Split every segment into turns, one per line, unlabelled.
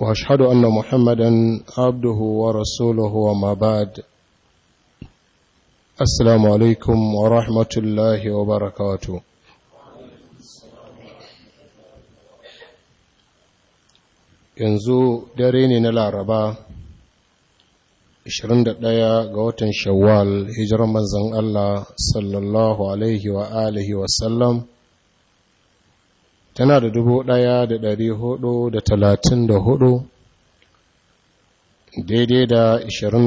واشهد ان محمدا عبده ورسوله وما بعد السلام عليكم ورحمه الله وبركاته yanzu dare ne na laraba 21 ga watan shawwal hijiran manzan Allah sallallahu alaihi wa alihi wa sallam tana da dubu ɗaya da ɗari hudu da talatin da hudu daidai da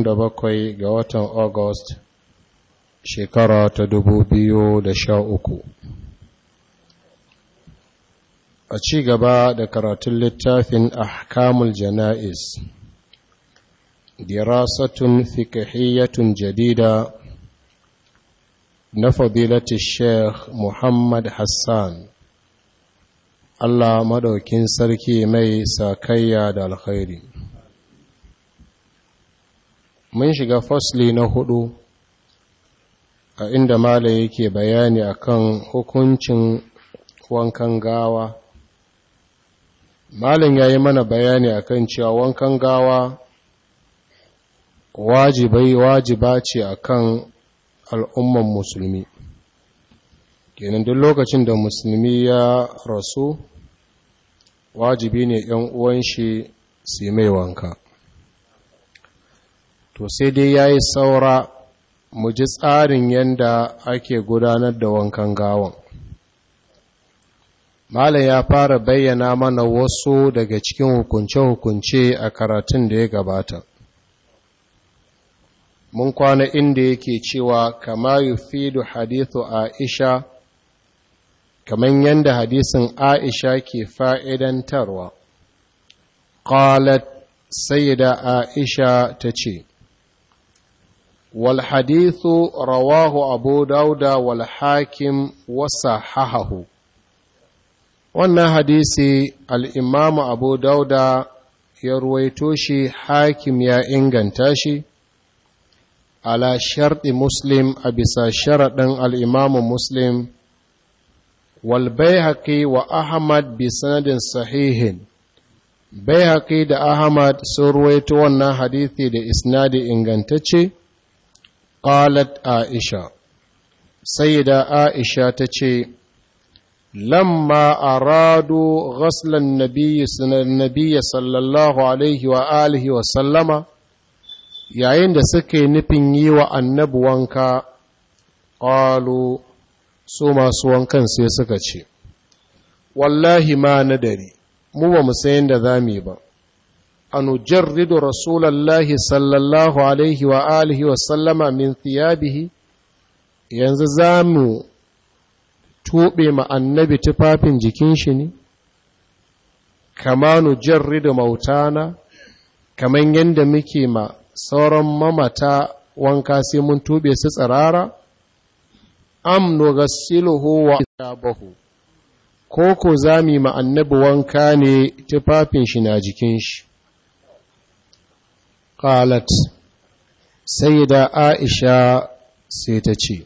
da bakwai ga watan august shekara ta dubu biyu da sha uku. a ci gaba da karatun littafin ahkamul jana'iz dirasatun fikihiyatun jadida na fadilatun sheikh muhammad hassan Allah maɗaukin sarki mai sakayya da alkhairi mun shiga fasli na hudu a inda mala yake bayani akan hukuncin wankan gawa malin ya yi mana bayani akan cewa wankan gawa wajibai wajiba ce akan al'umman musulmi kenan duk lokacin da musulmi ya rasu wajibi ne ‘yan uwan shi su mai wanka to sai dai ya yi saura mu ji tsarin yadda ake gudanar da wankan gawon. Malam ya fara bayyana mana wasu daga cikin hukunce-hukunce a karatun da ya gabata. Mun kwana inda yake cewa kama yufidu hadithu Aisha kamar yadda hadisin aisha ke fa'idantarwa qalat sayyida aisha ta ce wal rawahu abu dauda wal hakim wasa hahahu wannan hadisi al'imamu abu dauda ya ruwaito shi hakim ya inganta shi ala sharɗi muslim a bisa sharaɗin al'imamu muslim wal baihaqi wa ahmad bi sanadin sahihin baihaqi da ahmad sun ruwaito wannan hadithi da isnadi ingantacce qalat aisha sayyida aisha tace lamma arado ghaslan nabiyyi nabiyyi sallallahu alaihi wa alihi wa sallama yayin da suke nufin yi wa annabi wanka qalu su masu wankan sai suka ce wallahi ma na dare mu ba mu sayin da za mu ba anu jarridu rasulallahi sallallahu alaihi wa alihi wa sallama min thiyabihi yanzu za mu tuɓe ma annabi tufafin jikin shi ne kama nu jarridu mautana kamar yadda muke ma sauran mamata wanka sai mun tuɓe su tsirara am nughassiluhu wa isabahu ko ko zami ma annabi wanka ne tufafin shi na jikin shi qalat sayyida aisha sai ta ce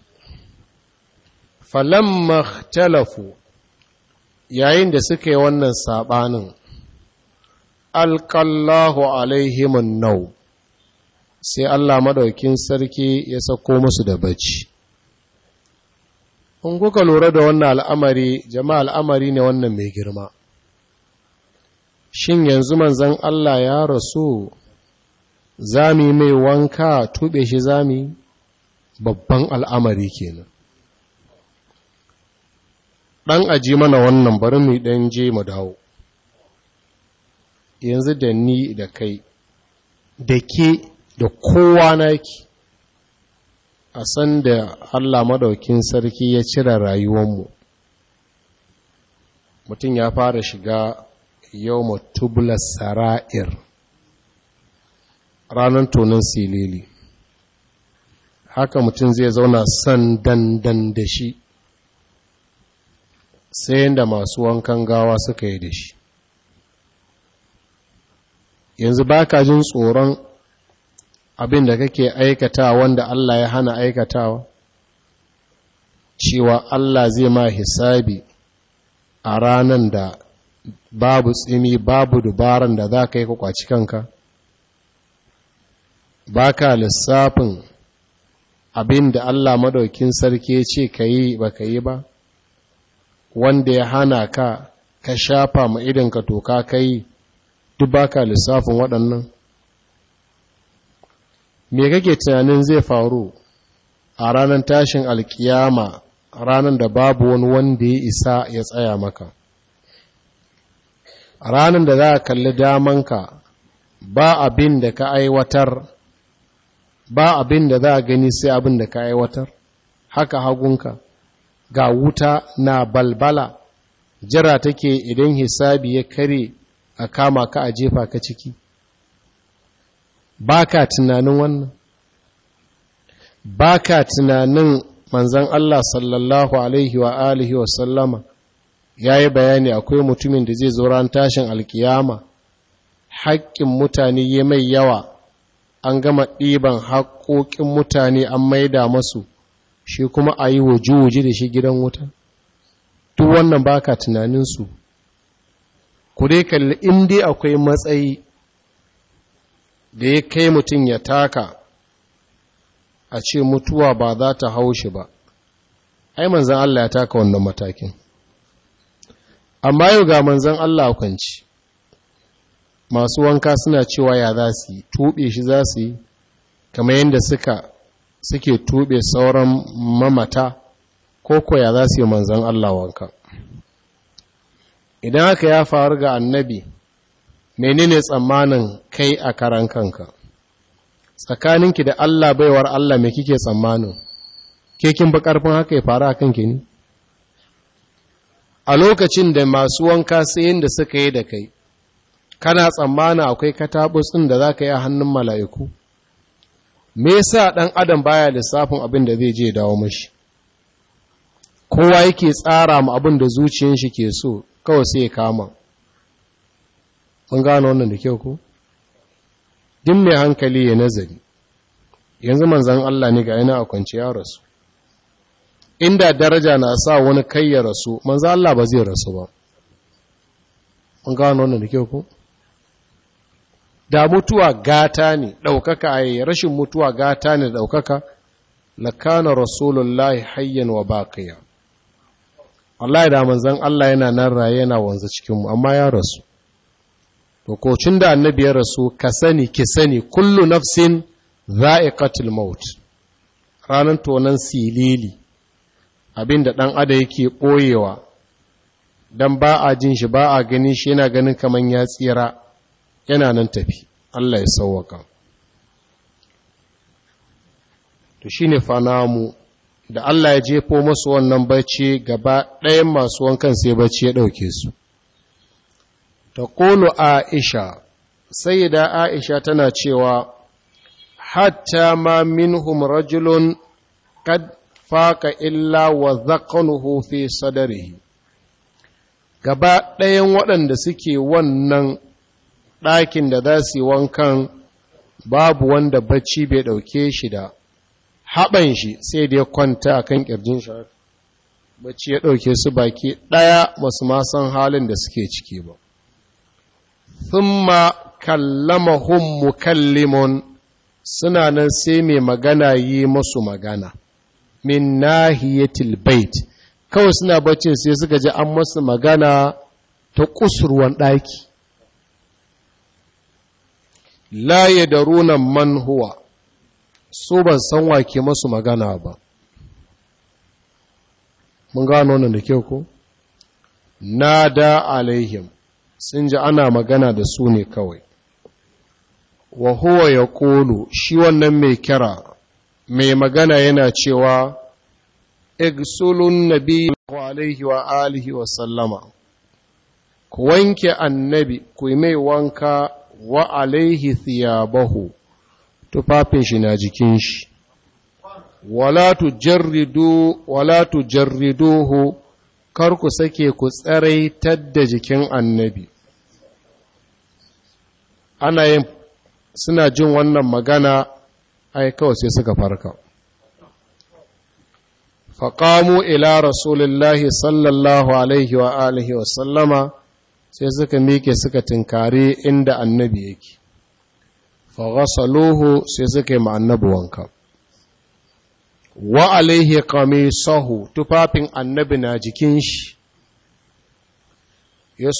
falamma ikhtalafu yayin da suka yi wannan sabanin alqallahu alaihimun nau sai Allah madaukin sarki ya sako musu da bacci in kuka lura da wannan al'amari jama'a al'amari ne wannan mai girma shin yanzu manzan Allah ya rasu zami mai wanka tuɓe shi zami babban al'amari kenan ɗan aji mana wannan bari mu ɗan je mu dawo yanzu da ni da kai da ke da kowa na naki a san da Allah madaukin sarki ya cire rayuwanmu mutum ya fara shiga yau matubula sara'ir ranar tonin silili haka mutum zai zauna san dandan da shi sai da masu wankan gawa suka yi da shi yanzu baka jin tsoron abin da kake aikata wanda Allah ya hana aikatawa cewa Allah zai ma hisabi a ranan da babu tsimi babu dubaran da za ka yi kwaci kanka ba ka lissafin abin da Allah maɗaukin sarki ce ka yi ba ka yi ba wanda ya hana ka ka shafa ma idanka toka ka yi duk ba ka lissafin waɗannan me kake tunanin zai faru a ranar tashin alkiyama ranar da babu wani wanda ya isa ya tsaya maka ranar da za a kalli damanka ba abin da ka aiwatar ba abin da za a gani sai abin da ka aiwatar haka hagunka ga wuta na balbala jira take idan hisabi ya kare a kama ka a jefa ka ciki ba ka tunanin wannan ba ka tunanin manzan Allah sallallahu alaihi wa alihi wa sallama ya yi bayani akwai mutumin da zai zo ran tashin alkiyama haƙƙin mutane ya mai yawa an gama ɗiban haƙoƙin mutane an maida masu shi kuma a yi waje-waje da shi gidan wuta duk wannan ba ka tunaninsu ku dai kalli in dai akwai matsayi da ya kai mutum ya taka a ce mutuwa ba za ta haushi ba ai manzan Allah ya taka wannan matakin amma yau ga manzan Allah kwanci masu wanka suna cewa ya za su yi tuɓe shi za su yi kamar yadda suka suke tuɓe sauran mamata ko ya za su yi manzan Allah wanka idan haka ya faru ga annabi menene tsammanin kai a karan kanka tsakaninki da Allah baiwar Allah me kike tsammanin ke kin bi karfin haka ya faru a ki ne a lokacin da masu wanka sayin da suka yi da kai kana tsammanin akwai tsin da zaka yi a hannun mala'iku me yasa dan adam baya lissafin abin da zai je dawo mashi kowa yake tsara ma abin da zuciyar ke so kawai sai ya kama mun gano wannan da kyau ko din mai hankali ya nazari yanzu manzan Allah ne ga yana a kwanci ya rasu inda daraja na sa wani kai ya rasu manzan Allah ba zai rasu ba mun gano wannan da kyau ko da mutuwa gata ne ɗaukaka a yi rashin mutuwa gata ne ɗaukaka lakana rasulullahi hayyan wa bakaya. ya da manzan Allah yana nan raye yana wanzu cikinmu amma ya rasu lokacin da annabi ya rasu ka sani ki sani kullu nafsin za'iqatul maut ranan tonan silili abinda dan ada yake ɓoyewa, dan ba a jin shi ba a ganin shi yana ganin kaman ya tsira yana nan tafi Allah ya sauwaka to shine fanamu da Allah ya jefo masu wannan bacci gaba ɗayan masu wankan sai bacci ya ɗauke su taqulu aisha sayyida aisha tana cewa hatta ma minhum rajulun qad faka illa wa zaqanuhu fi sadarihi gaba ɗayan waɗanda suke wannan ɗakin da za su yi wankan babu wanda bacci bai ɗauke shi da haɓan shi sai da ya kwanta a kan ƙirjin shi bacci ya ɗauke su baki ɗaya masu san halin da suke ciki ba thumma kallamahum mukallimun suna nan sai mai magana yi masu magana min nahiyatil bait kawai suna bacci sai suka ji an masu magana ta kusurwan ɗaki la yadaruna man huwa su ban san wake masu magana ba mun gano nan da kyau ko nada alaihim sun ji ana magana da su ne kawai wa huwa ya ƙolu shi wannan mai kira mai magana yana cewa igsulun nabi alaihi wa alihi wa sallama ku wanke annabi ku yi mai wanka wa alaihi thiyabahu tufafin shi na jikin shi wala tujarridu wala tujarriduhu kar ku sake ku tsaraitar da jikin annabi ana yin suna jin wannan magana ai kawai sai suka farka faƙamu ila rasulullahi sallallahu alaihi wa alihi wa sallama sai suka miƙe suka tinkari inda annabi yake faghsaluhu sai suka yi annabi wanka wa alaihi sahu tufafin annabi na jikin shi Ya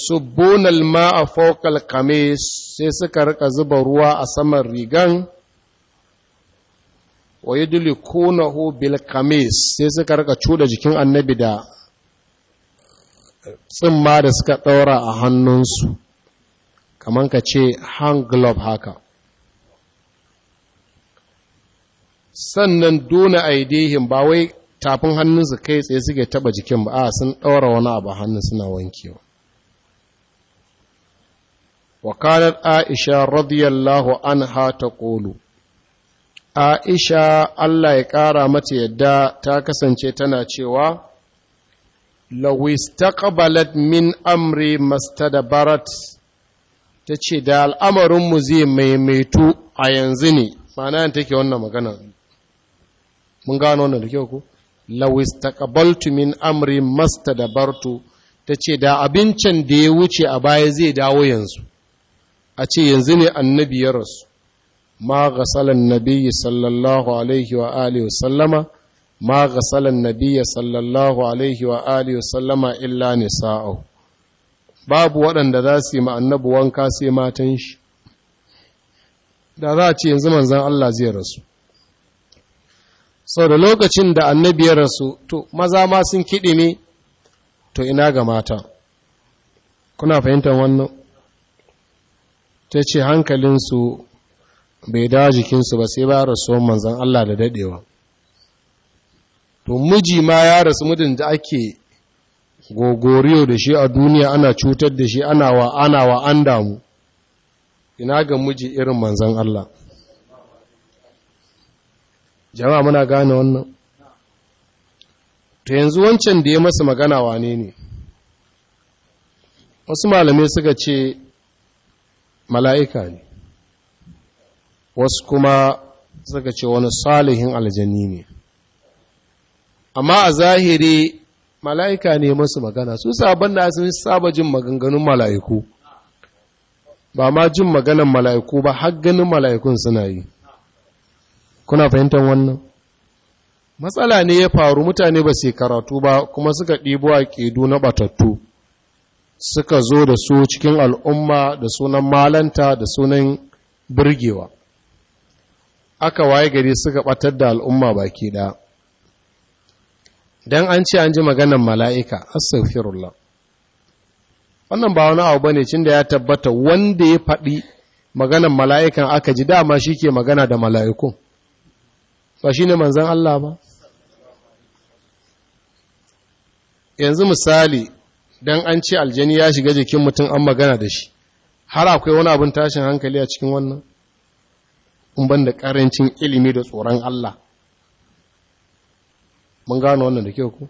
ma a fokal kame sai suka rika zuba ruwa a saman rigan wa hu bil kame sai suka rika cuda jikin annabi da tsimma da suka daura a hannunsu Kamar ka ce hang glove haka sannan duna aidehin ba wai tafin hannunsu kai tsaye suke taba jikin ba a sun ɗaura wani abu hannun suna wankewa Aisha radiyallahu an ta ta aisha allah ya ƙara ƙara yadda ta ta tana tana cewa, من أمري min Amri tace da al'amarinmu zai maimaitu a yanzu ne ma'ana take wannan magana mun gano wannan da kyau ko lawis taqabaltu min amri mastadabartu tace da abincin da ya wuce a baya zai dawo yanzu a ce yanzu ne annabi ya rasu ma ghasalan nabiyyi sallallahu alaihi wa alihi wa sallama ma ghasalan nabiyyi sallallahu alaihi wa alihi wa sallama illa nisa'u babu waɗanda za su yi ma annabi wanka sai matan shi da za a ce yanzu manzon Allah zai rasu sau da lokacin da annabi ya rasu to maza ma sun kiɗi ne, to ina ga mata kuna fahimtar wannan ta ce hankalinsu bai da jikinsu ba sai ba rasuwan manzan Allah da daɗewa to miji ma ya rasu mudin da ake gogoriyo da shi a duniya ana cutar da shi ana wa ana wa an damu ina ga miji irin manzan Allah jama'a muna gane wannan to yanzu wancan da ya masa magana wane ne wasu malamai suka ce mala'ika ne wasu kuma suka ce wani salihin aljani ne amma a zahiri mala'ika ne masu magana su sabon da sun saba jin maganganun mala'iku ba ma jin maganan mala'iku ba har ganin mala'ikun suna yi kuna fahimtar wannan matsala ne ya faru mutane ba su karatu ba kuma suka ɗibo a ƙedu na batattu suka zo da su cikin al'umma da sunan malanta da sunan birgewa aka waye gari suka ɓatar da al'umma baki ɗaya don an ce an ji maganan mala'ika astaghfirullah wannan ba wani abu bane cin da ya tabbata wanda ya faɗi maganan mala'ikan aka ji dama shi ke magana da mala'ikun ba shi ne manzan Allah ba yanzu misali don an ce aljani ya shiga jikin mutum an magana da shi har akwai wani abin tashin hankali a cikin wannan ban da ƙarancin ilimi da tsoron Allah mun gano wannan da kyau ku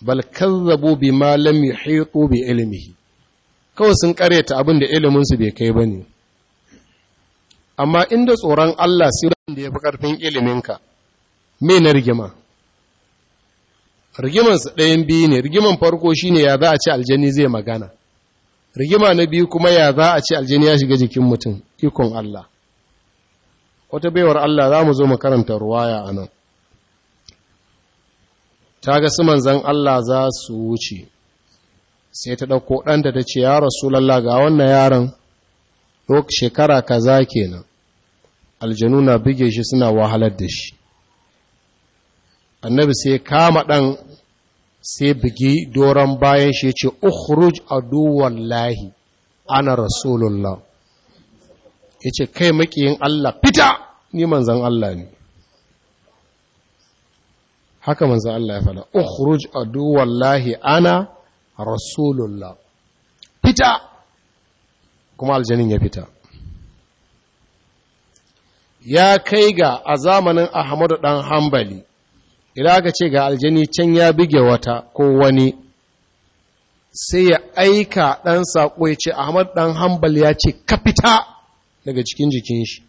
bal kazzabu bima lam yuhitu bi ilmihi kawai sun karyata abin da ilimin su bai kai bane amma inda tsoron Allah sai da ya fi ƙarfin iliminka me na rigima su ɗayan biyu ne rigiman farko shi ne ya za a ci aljani zai magana rigima na biyu kuma ya za a ci aljani ya shiga jikin mutum ikon Allah wata baiwar Allah za mu zo mu karanta ruwaya a nan ta ga su manzan Allah za su wuce sai ta ɗauko ɗanta ta ce ya rasu lalla ga wannan yaron shekara kaza kenan aljanu na buge shi suna wahalar da shi annabi sai kama ɗan sai bugi doron bayan shi ya ce ukhruj lahi ana rasulullah ya ce kai makiyin Allah fita ni manzan Allah ne haka manzan Allah ya fada ukhruj lahi ana rasulullah fita kuma aljanin ya fita ya kai ga a zamanin ahmadu ɗan hambali ila ga ce ga aljani can ya bige wata ko wani sai ya aika ɗan saƙo ya ce ahamadu ɗan hambali ya ce ka fita daga cikin jikin shi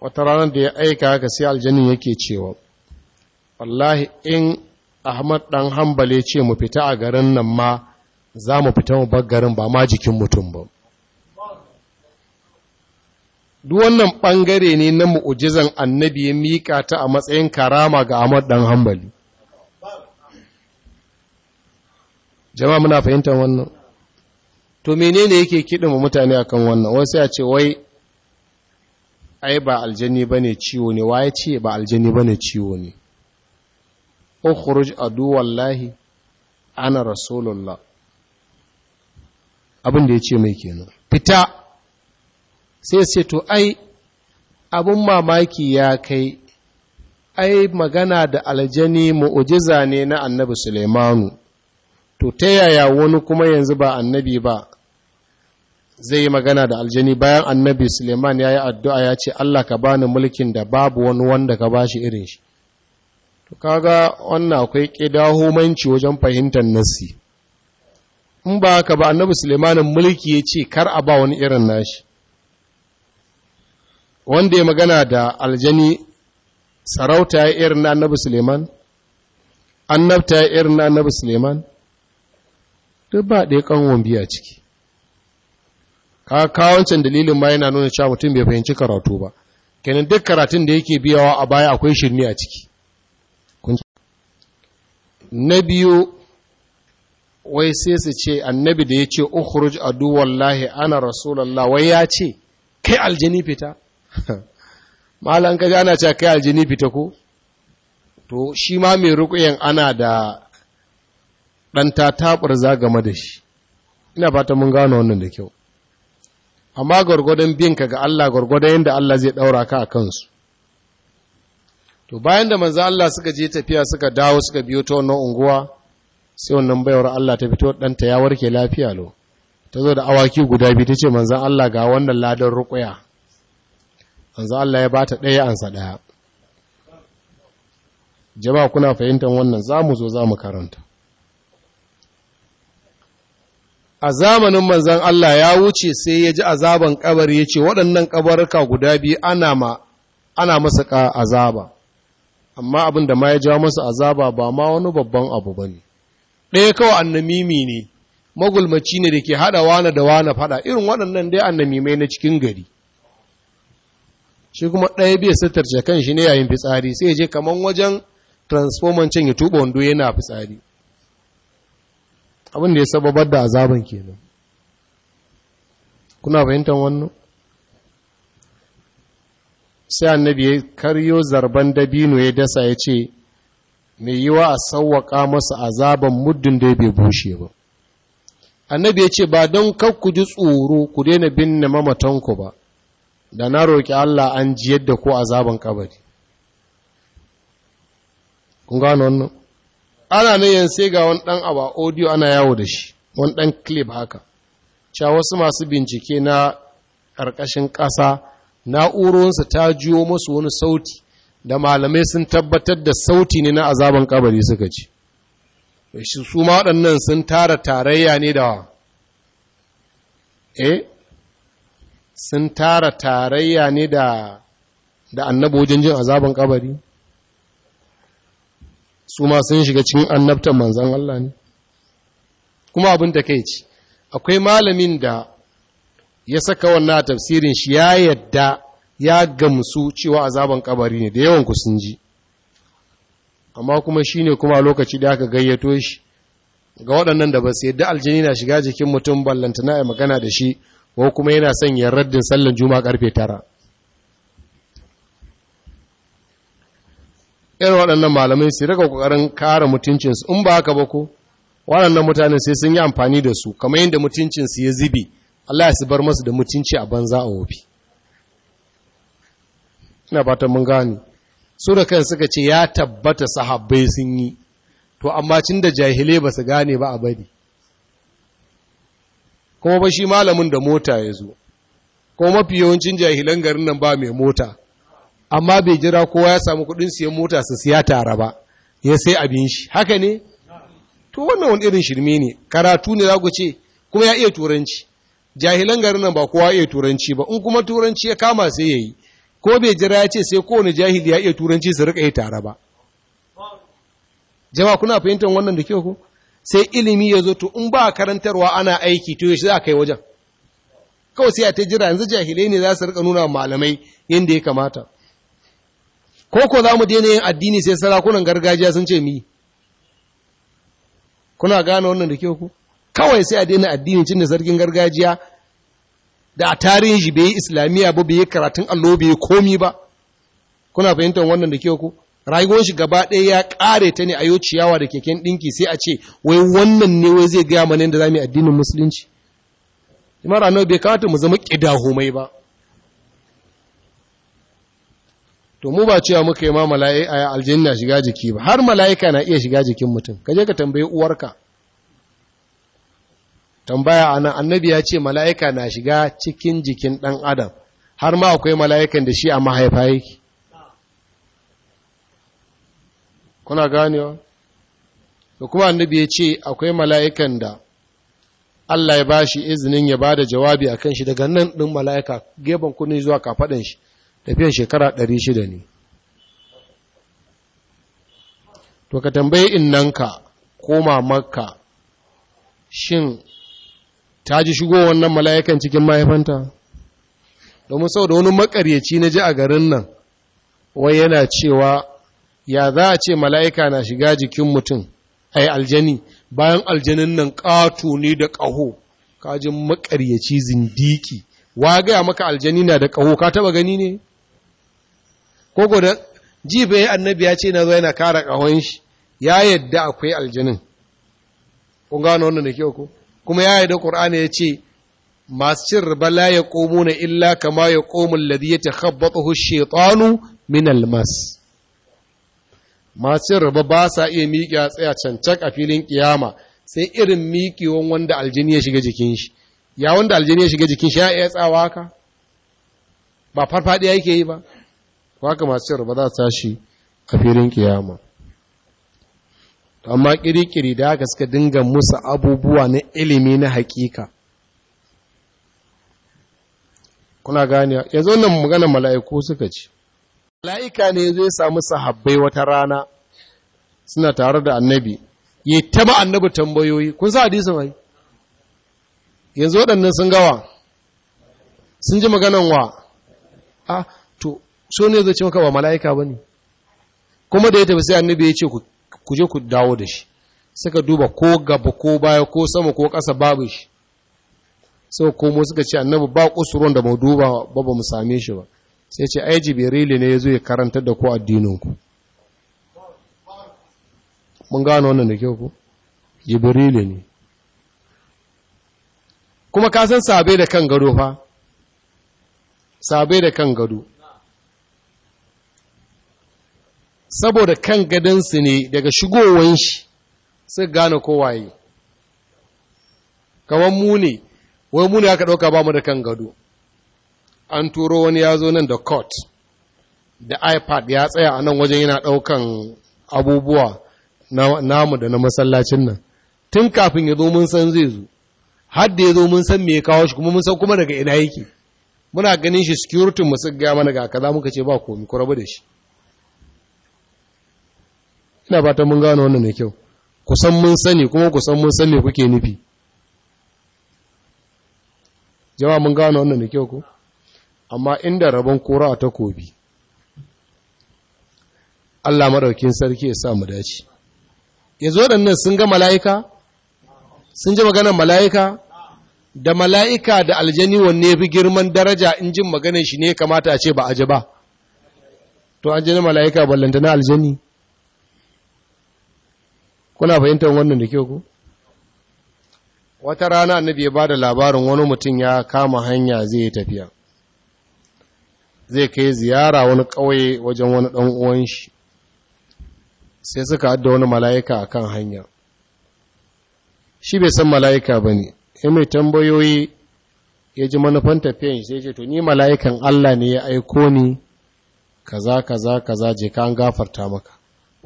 wata ranar da ya aika haka sai aljanin yake cewa wallahi in ahmad ɗan hambali ya ce mu fita a garin nan ma za mu fita mu garin ba ma jikin mutum ba duk wannan ɓangare ne na mu'ujizan annabi ya miƙa ta a matsayin karama ga Ahmad ɗan hambali jama'a muna fahimtar wannan to menene yake kiɗin mutane akan wannan wasu ya ce wai ai ba aljani bane ciwo ne ya ce ba aljani bane ciwo ne ukhruj adu wallahi ana rasulullah abin da ya ce mai kenan fita sai sai to ai abin mamaki ya kai ai magana da aljani mu'ujiza ne na annabi Suleimanu to ta yaya wani kuma yanzu ba annabi ba zai yi magana da aljani bayan annabi Suleiman ya yi addu'a ya ce Allah ka bani mulkin da babu wani wanda ka bashi irin shi to kaga wannan akwai ƙidahomanci wajen fahimtar nasi in ba haka ba annabi sulaimanin mulki ya ce kar a ba wani irin nashi wanda ya magana da aljani sarauta ya irin na annabi suleiman annabta ya irin na annabi suleiman duk ba ɗaya ƙanwon biya ciki ka kawancin dalilin ma yana nuna cewa mutum bai fahimci karatu ba kenan duk karatun da yake biyawa a baya akwai shirni a ciki na biyu wai sai su ce annabi da ya ce ukhruj adu wallahi ana rasulullah wai ya ce kai aljini fita malan kaji ana cewa kai aljini fita ko to shi ma mai ruƙuyen ana da ɗan tataɓarza game da shi ina fata mun gano wannan da kyau amma gwargwadon binka ga Allah gwargwadon yadda Allah zai ɗaura ka a kansu to bayan da manzo Allah suka je tafiya suka dawo suka biyo ta wannan unguwa sai wannan baiwar Allah ta fito ɗanta ya warke lafiya lo ta zo da awaki guda biyu ta ce manzan Allah ga wannan ladan rukuya manzan Allah ya bata ɗaya ansa ɗaya jama kuna fahimtar wannan za mu zo za mu karanta a zamanin manzan Allah ya wuce sai ya ji azaban kabari ya ce waɗannan kabarka guda biyu ana ma ana masa azaba amma abin da ma ya jawo masa azaba ba ma wani babban abu ba ne ɗaya kawai annamimi ne magulmaci ne da ke haɗa wane da wane faɗa irin waɗannan dai annamimai na cikin gari shi kuma ɗaya bai sitarce kan shi ne yayin fitsari sai je kaman wajen transformer can ya tuba wando yana fitsari abin da ya sababar da azaban kenan kuna fahimtar wannan sai annabi ya karyo zarban dabino ya dasa ya ce mai yiwa a sauwaƙa masa azaban muddin da bai bushe ba annabi ya ce ba don kar ku ji tsoro ku daina binne mamatanku ba da na roƙi Allah an ji yadda ko azaban kabari kun gano wannan ana ne yan sai ga wani dan abu audio ana yawo da shi wani dan clip haka cewa wasu masu bincike na ƙarƙashin ƙasa na'urorinsa ta jiyo masu wani sauti da malamai sun tabbatar da sauti ne na azaban kabari suka ci shi su ma waɗannan sun tara tarayya ne da eh sun tara tarayya ne da da annabi wajen jin azaban kabari su ma sun shiga cikin annabtan manzan Allah ne kuma abin da kai ci akwai malamin da ya saka wannan tafsirin shi ya yadda ya gamsu cewa azaban kabari ne da yawan ku sun ji amma kuma shine kuma lokaci da aka gayyato shi ga waɗannan da ba su yadda aljini na shiga jikin mutum na ya magana da shi ko kuma yana son ya raddin sallan juma karfe tara irin waɗannan malamai su rika ƙoƙarin kare mutuncinsu in ba haka ba ko waɗannan mutanen sai sun yi amfani da su kamar yadda mutuncinsu ya zibi Allah ya su bar masu da mutunci a banza a wofi ina fatan mun gane su da kan suka ce ya tabbata sahabbai sun yi to amma cin da jahilai ba su gane ba a bari kuma ba shi malamin da mota ya zo kuma mafi yawancin jahilan garin nan ba mai mota amma bai jira kowa ya samu kudin siyan mota su siya tare ba ya sai abin shi haka ne to wannan wani irin shirme ne karatu ne za ku ce kuma ya iya turanci jahilan garin nan ba kowa iya turanci ba in kuma turanci ya kama sai ya yi ko bai jira ya ce sai kowane jahili ya iya turanci su rika yi tare ba jama'a kuna fahimtar wannan da kyau ko sai ilimi ya zo to in ba karantarwa ana aiki to yaushe za a kai wajen kawai sai a ta jira yanzu jahilai ne za su rika nuna malamai yadda ya kamata ko ko za mu daina yin addini sai sarakunan gargajiya sun ce mi kuna gane wannan da kyau ku kawai sai a daina addini cin da sarkin gargajiya da a tarihin shi bai yi islamiyya ba bai yi karatun allo bai yi komi ba kuna fahimtar wannan da kyau ku rayuwar shi gaba ɗaya ya ƙare ta ne a yau ciyawa da keken ɗinki sai a ce wai wannan ne wai zai gaya mana yadda za mu yi addinin musulunci imar rana bai kawata mu zama ƙidahomai ba to mu ba cewa muka yi ma mala'ika aljanna shiga jiki ba har mala'ika na iya shiga jikin mutum ka je ka tambayi uwarka tambaya anan annabi ya ce mala'ika na shiga cikin jikin ɗan adam har ma akwai mala'ikan da shi a mahaifa yake kuna wa? da kuma annabi ya ce akwai mala'ikan da Allah ya ba shi izinin ya ba da jawabi a kan shi daga nan ɗin mala'ika gefen kuni zuwa kafaɗin shi tafiyan shekara ɗari shida ne. To ka tambayi innanka koma makka shin ta ji shigo wannan mala'ikan cikin mahaifanta domin sau da wani makaryaci na ji a garin nan wai yana cewa ya za a ce mala'ika na shiga jikin mutum ai aljani bayan aljanin nan ƙato ne da ƙaho kajin makaryaci zindiki wa gaya maka aljani na da ƙaho ka taba gani ne koko da jibe ya annabi ya ce na zo yana kara ƙahon shi ya yadda akwai aljanin kun wannan da kyau ko kuma ya da ƙur'ani ya ce masu cin riba la ya na illa kama ya ta alladhi yatakhabbathu shaytanu min almas masu cin riba ba sa iya miƙe a tsaya cancak a filin kiyama sai irin miƙewan wanda aljini ya shiga jikin shi ya wanda aljini ya shiga jikin shi ya iya tsawa ka? ba farfadiya yake yi ba ko haka masu cin riba za su tashi a filin kiyama to amma kirikiri da haka suka dinga musu abubuwa na ilimi na hakika kuna gani yanzu nan magana mala'iku suka ce mala'ika ne zai samu sahabbai wata rana suna tare da annabi yi taba annabi tambayoyi kun sa hadisin mai. yanzu waɗannan sun gawa sun ji maganan wa a ah, to so ne zai ce maka ba mala'ika ba ne kuma da ya tafi sai annabi ya ce ku ku je ku dawo da shi suka duba ko gaba ko baya ko sama ko ƙasa babu shi sau komo suka ce annabi ba kusurwan da mu duba ba ba mu same shi ba sai ce ai jibirili ne ya zo ya karanta da ku addininku mun gano wannan da kyau ku jibirili ne kuma ka san sabe da kan gado fa sabe da kan gado saboda kan gadansu ne daga shigowan shi sai gane kowaye kawan muni wai aka ɗauka ba mu da kan gado an turo wani ya zo nan da court da ipad ya tsaya a nan wajen yana ɗaukan abubuwa namu da na masallacin nan tun kafin ya zo mun san zai zo har da ya zo mun san me ya kawo shi kuma mun san kuma daga ina yake muna ganin shi security mu sun gaya mana ga kaza muka ce ba komi ku da shi ina fatan mun gano wannan da kyau kusan mun sani kuma kusan mun san me kuke nufi jama'a mun gano wannan da kyau ko amma inda rabon kora ta kobi. Allah madaukin sarki ya sa mu dace yanzu waɗannan sun ga mala'ika sun ji maganar mala'ika da mala'ika da aljani wanne fi girman daraja in jin maganar shi ne kamata a ce ba a ji ba to an ji mala'ika ballanta na aljani kuna fahimtar wannan da kyau ku wata rana annabi ya bada labarin wani mutum ya kama hanya zai yi tafiya zai kai ziyara wani ƙauye wajen wani ɗan uwan shi sai suka adda wani mala'ika akan kan hanya shi bai san mala'ika ba ne ya mai tambayoyi ya ji manufan tafiyan sai ce to ni mala'ikan Allah ne ya aiko ni kaza kaza kaza je ka an gafarta maka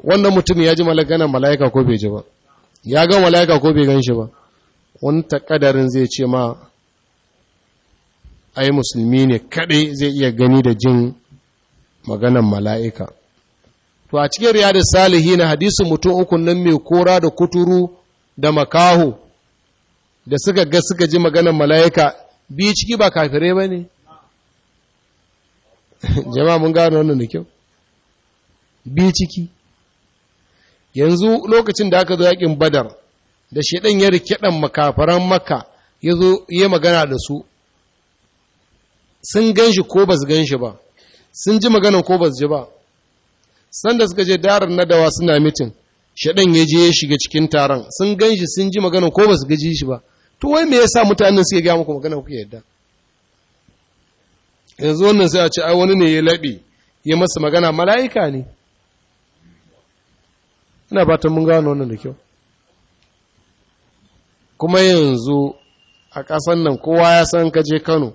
wannan mutum ya ji malaganan mala'ika ko bai ji ba ya ga mala'ika ko bai gan shi ba wani takadarin zai ce ma ai musulmi ne kaɗai zai iya gani da jin maganan mala'ika to a cikin riyadar salihi na hadisun mutum uku nan mai kora da kuturu da makaho da suka ga suka ji maganan mala'ika biyu ciki ba kafirai ba ne jama'a mun gano wannan da kyau biyu ciki yanzu lokacin da aka zo yakin badar da shedan ya dan makafaran maka ya zo ya magana da su sun gan shi ko ba su gan shi ba sun ji magana ko ba su ji ba San da suka je darar nadawa suna mitin shaɗan ya je ya shiga cikin taron sun gan shi sun ji magana ko ba su gaji shi ba to wai me yasa mutanen suke ga muku magana kuke yadda yanzu wannan sai a ce ai wani ne ya labe ya masa magana mala'ika ne ina fatan mun gano wannan da kyau kuma yanzu a ƙasan nan kowa ya san ka je Kano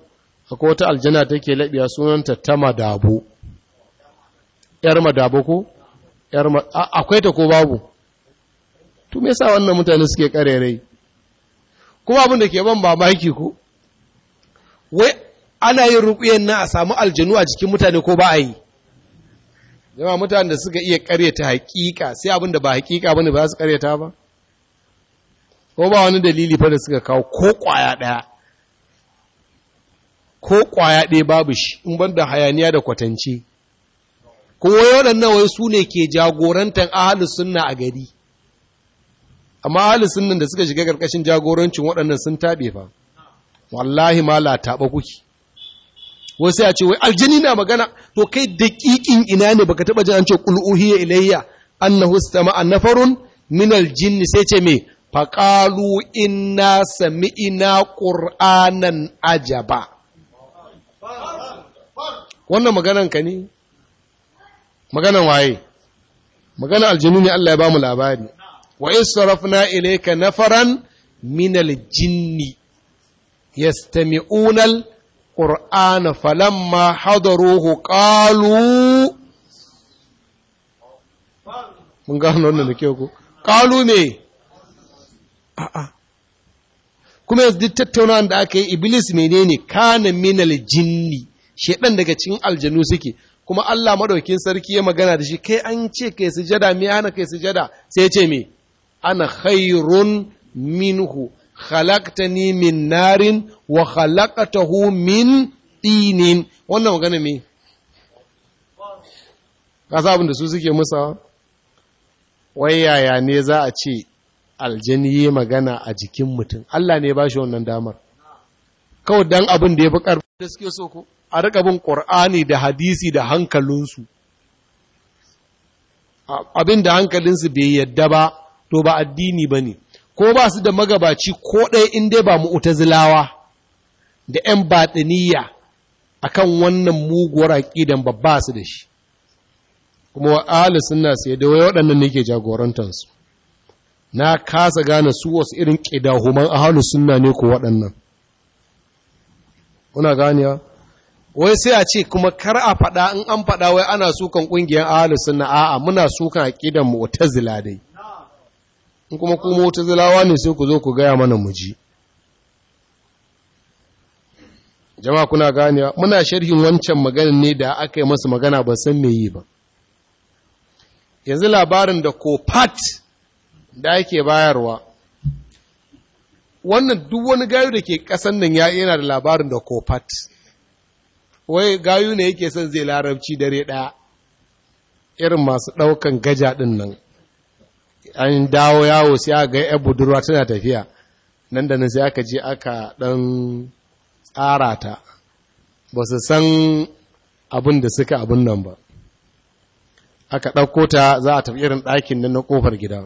akwai wata aljana take labiya sunanta ta madabo yar madabo ko yar akwai ta ko babu to me yasa wannan mutane suke karerai kuma abin da ke ban mamaki ko wai ana yin ruƙuyen na a samu aljanu a jikin mutane ko ba a yi jama'a mutanen da suka iya karyata hakika sai abin da ba hakika bane ba su karyata ba ko ba wani dalili fa da suka kawo ko kwaya daya ko kwaya ɗaya babu shi in banda hayaniya da kwatance kuma waɗannan wai su ne ke jagorantar ahalus sunna a gari amma ahalus sunnan da suka shiga karkashin jagorancin waɗannan sun taɓe fa wallahi ma taɓa kuki wasu ya ce wai aljini na magana to kai daƙiƙin ina ne baka taɓa jin an ce qul uhiya ilayya annahu istama'a nafarun minal jinni sai ce me faqalu inna sami'na qur'anan ajaba wannan maganan ka ne maganan waye maganan aljinu ne Allah ya ba mu labari wa israfna ilayka nafaran min aljinn yastami'unal القرآن فلما حضروه قالوا mun gano wannan da kyau ko kalu ne? a'a kuma yanzu duk tattaunawa da aka yi iblis menene kana minal jinni shedan daga cikin aljanu suke kuma Allah madaukin sarki ya magana da shi kai an ce kai sujada me ana kai sujada sai ya ce me ana khairun minhu khalaqtani min narin wa khalaqtahu min tinin wannan magana me ka sa abin da su suke musa wai yaya ne za a ce aljani magana a jikin mutum Allah ne ba shi wannan damar kawai dan abin da ya fi ƙarfi da suke so ko a rika bin ƙur'ani da hadisi da hankalinsu abin da hankalinsu bai yadda ba to ba addini ba ne ko ba su da magabaci ko ɗaya in dai ba zilawa da 'yan baɗiniya kan wannan muguwar aƙidan babba su da shi kuma wa ahli sunna sai da waɗannan nake jagorantar na kasa gane su wasu irin ƙidahuman ahli suna ne ko waɗannan kuna ganiya wai sai a ce kuma kar a faɗa in an faɗa wai ana sukan ƙungiyar ahli sunna a'a muna sukan aqidan zila dai in kuma ku zilawa ne sai ku zo ku gaya mana muji jama'a kuna ganewa muna sharhin wancan maganin ne da aka yi masu magana ba san me yi ba yanzu labarin da kofat da ake bayarwa wannan duk wani gayu da ke kasan nan ya yana da labarin da kofat wai gayu ne yake son zai larabci dare ɗaya irin masu ɗaukan gaja ɗin nan an dawo yawo sai a ga yan budurwa tana tafiya nan da nan sai aka je aka dan tsara ta ba su san abin da suka abin nan ba aka ɗauko ta za a tafi irin ɗakin nan na ƙofar gida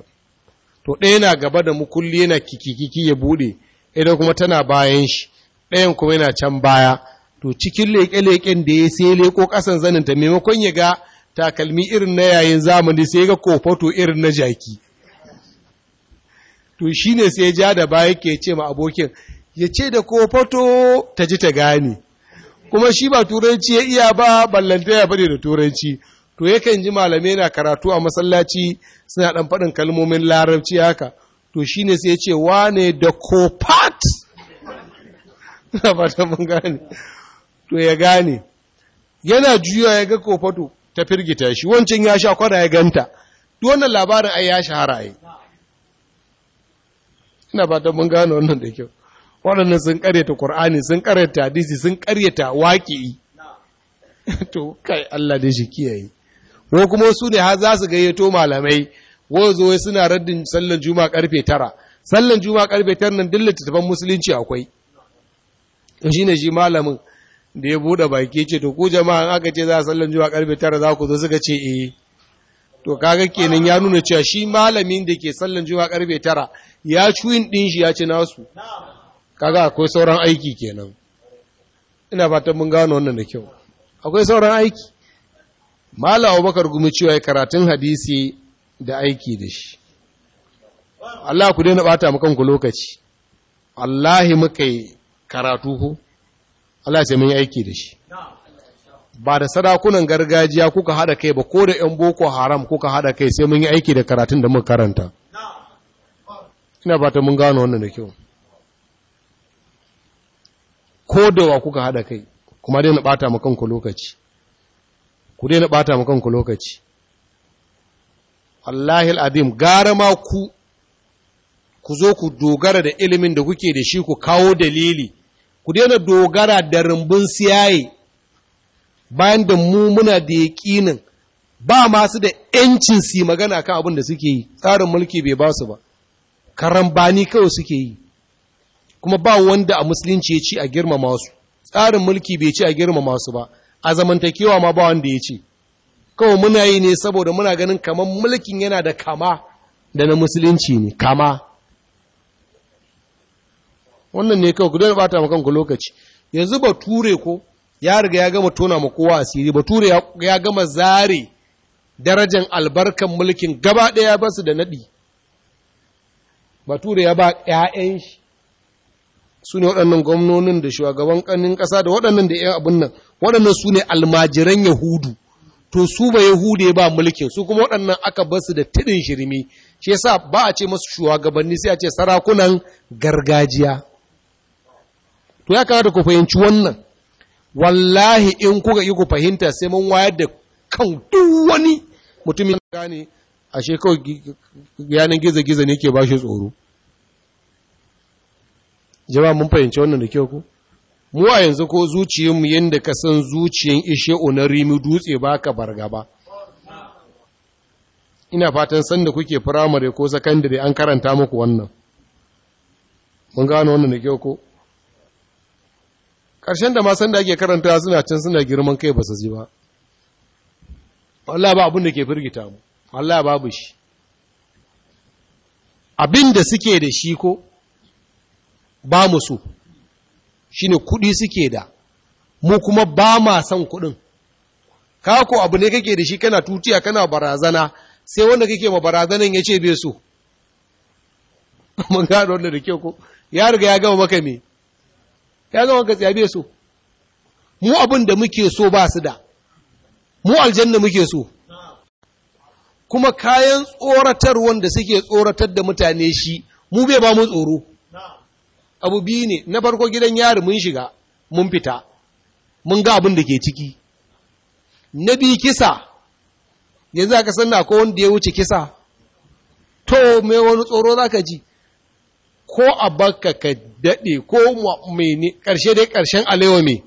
to ɗaya na gaba da mukulli yana kikikiki ya buɗe idan kuma tana bayan shi ɗayan kuma yana can baya to cikin leƙe-leƙen da ya sai leƙo ƙasan zaninta maimakon ya ga takalmi irin na yayin zamani sai ga kofato irin na jaki to shi ne sai ja da baya ke ce ma abokin ya ce da ko ta ji ta gane kuma shi ba turanci ya iya ba ballanta ya faɗi da turanci to yakan ji malamai na karatu a masallaci suna ɗan faɗin kalmomin larabci haka to shi ne sai ce wane da kofat na fata mun gane to ya gane yana juya ya ga kofato ta firgita shi wancan ya sha kwada ya ganta duk wannan labarin ai ya shahara ai ina ba ta mun gane wannan da kyau waɗannan sun karyata Kur'ani, sun karyata hadisi sun karyata waƙi to kai Allah da shi kiyaye ko kuma su ne har za su gayyato malamai wai zo suna raddin sallan juma karfe tara sallan juma karfe tara nan duk littattafan musulunci akwai shi ne shi malamin da ya buɗe baki ce to ku jama'a aka ce za a sallan juma karfe tara za ku zo suka ce eh to kaga kenan ya nuna cewa shi malamin da ke sallan juma karfe tara ya cuyin ɗin shi ya ci nasu kaga akwai sauran aiki kenan ina fatan mun gano wannan da kyau akwai sauran aiki mala abubakar gumi cewa ya karatun hadisi da aiki da shi Allah ku daina bata mu kanku lokaci Allahi muka yi karatu ku Allah sai mun yi aiki da shi ba da sadakunan gargajiya kuka hada kai ba ko da 'yan boko haram kuka hada kai sai mun yi aiki da karatun da muka karanta ina fata mun gano wannan da kyau ko da wa kuka haɗa kai kuma dai na ɓata ma kanku lokaci ku dai na ɓata ma kanku lokaci wallahi al'adim gara ma ku ku zo ku dogara da ilimin da kuke da shi ku kawo dalili ku daina dogara da rumbun siyaye bayan da mu muna da yaƙinin ba masu da ‘yancin su magana kan abin da suke yi tsarin mulki bai ba su ba karambani kawai suke yi kuma ba wanda a musulunci ya ci a girmama su tsarin mulki bai ci a girmama su ba a zamantakewa ma ba wanda ya ce kawai muna yi ne saboda muna ganin kamar mulkin yana da kama da na musulunci ne kama wannan ne kawai gudanar bata makon ku lokaci yanzu ba ture ko ya riga ya gama tona ma kowa asiri ba ture ya gama zare darajan albarkan mulkin gaba ɗaya ba su da naɗi bature ya ba ‘ya'yan shi su ne waɗannan gwamnonin da shugaban ƙanin ƙasa da waɗannan da ‘yan abin nan waɗannan su ne almajiran yahudu to su ba yahudu ya ba mulkin su kuma waɗannan aka ba su da tiɗin shirmi shi yasa ba a ce masu shugabanni sai a ce sarakunan gargajiya to ya kamata ku fahimci wannan wallahi in kuka yi ku fahimta sai mun wayar da kan duk wani mutumin gane ashe kawai yanin gizo-gizo ne ke ba shi tsoro jama'a mun fahimci wannan da kyau ku mu a yanzu ko zuciyarmu yadda ka san zuciyan ishe na rimi dutse ba ka ba ina fatan sanda kuke firamare ko sakandare an karanta muku wannan mun gano wannan da kyau ko ƙarshen da ma sanda ake karanta suna can suna girman kai ba su ji ba wallah ba abin da ke firgita mu Allah babu shi abin da suke da shi ko ba mu su? shi ne kuɗi suke da mu kuma ba ma son kuɗin kako abu ne kake da shi kana tutiya kana barazana sai wanda kake ma barazanan ya ce bai so mun gado wanda da kyau ko ya riga ya gama maka me ya gama maka tsaya bai so mu abin da muke so ba su da mu aljanna muke so kuma kayan tsoratar wanda suke tsoratar da mutane shi mu bai ba mu tsoro abu biyu ne na farko gidan yari mun shiga mun fita mun ga abin da ke ciki na biyu kisa yanzu aka sanna ko wanda ya wuce kisa to me wani tsoro za ka ji ko a baka ka daɗe ko mene ƙarshe dai ƙarshen alewa me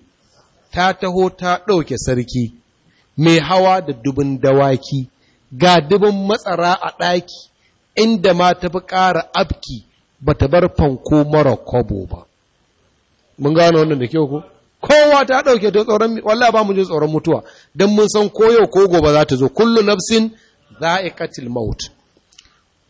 ta taho ta ɗauke sarki mai hawa da dubin dawaki ga dubin matsara a ɗaki inda ma ta fi ƙara abki ba ta bar fanko mara kwabo ba mun gano wannan da kyau ko kowa ta ɗauke ta tsoron wallah ba mu ji tsoron mutuwa don mun san koyo ko gobe za ta zo kullu nafsin za'iqatil maut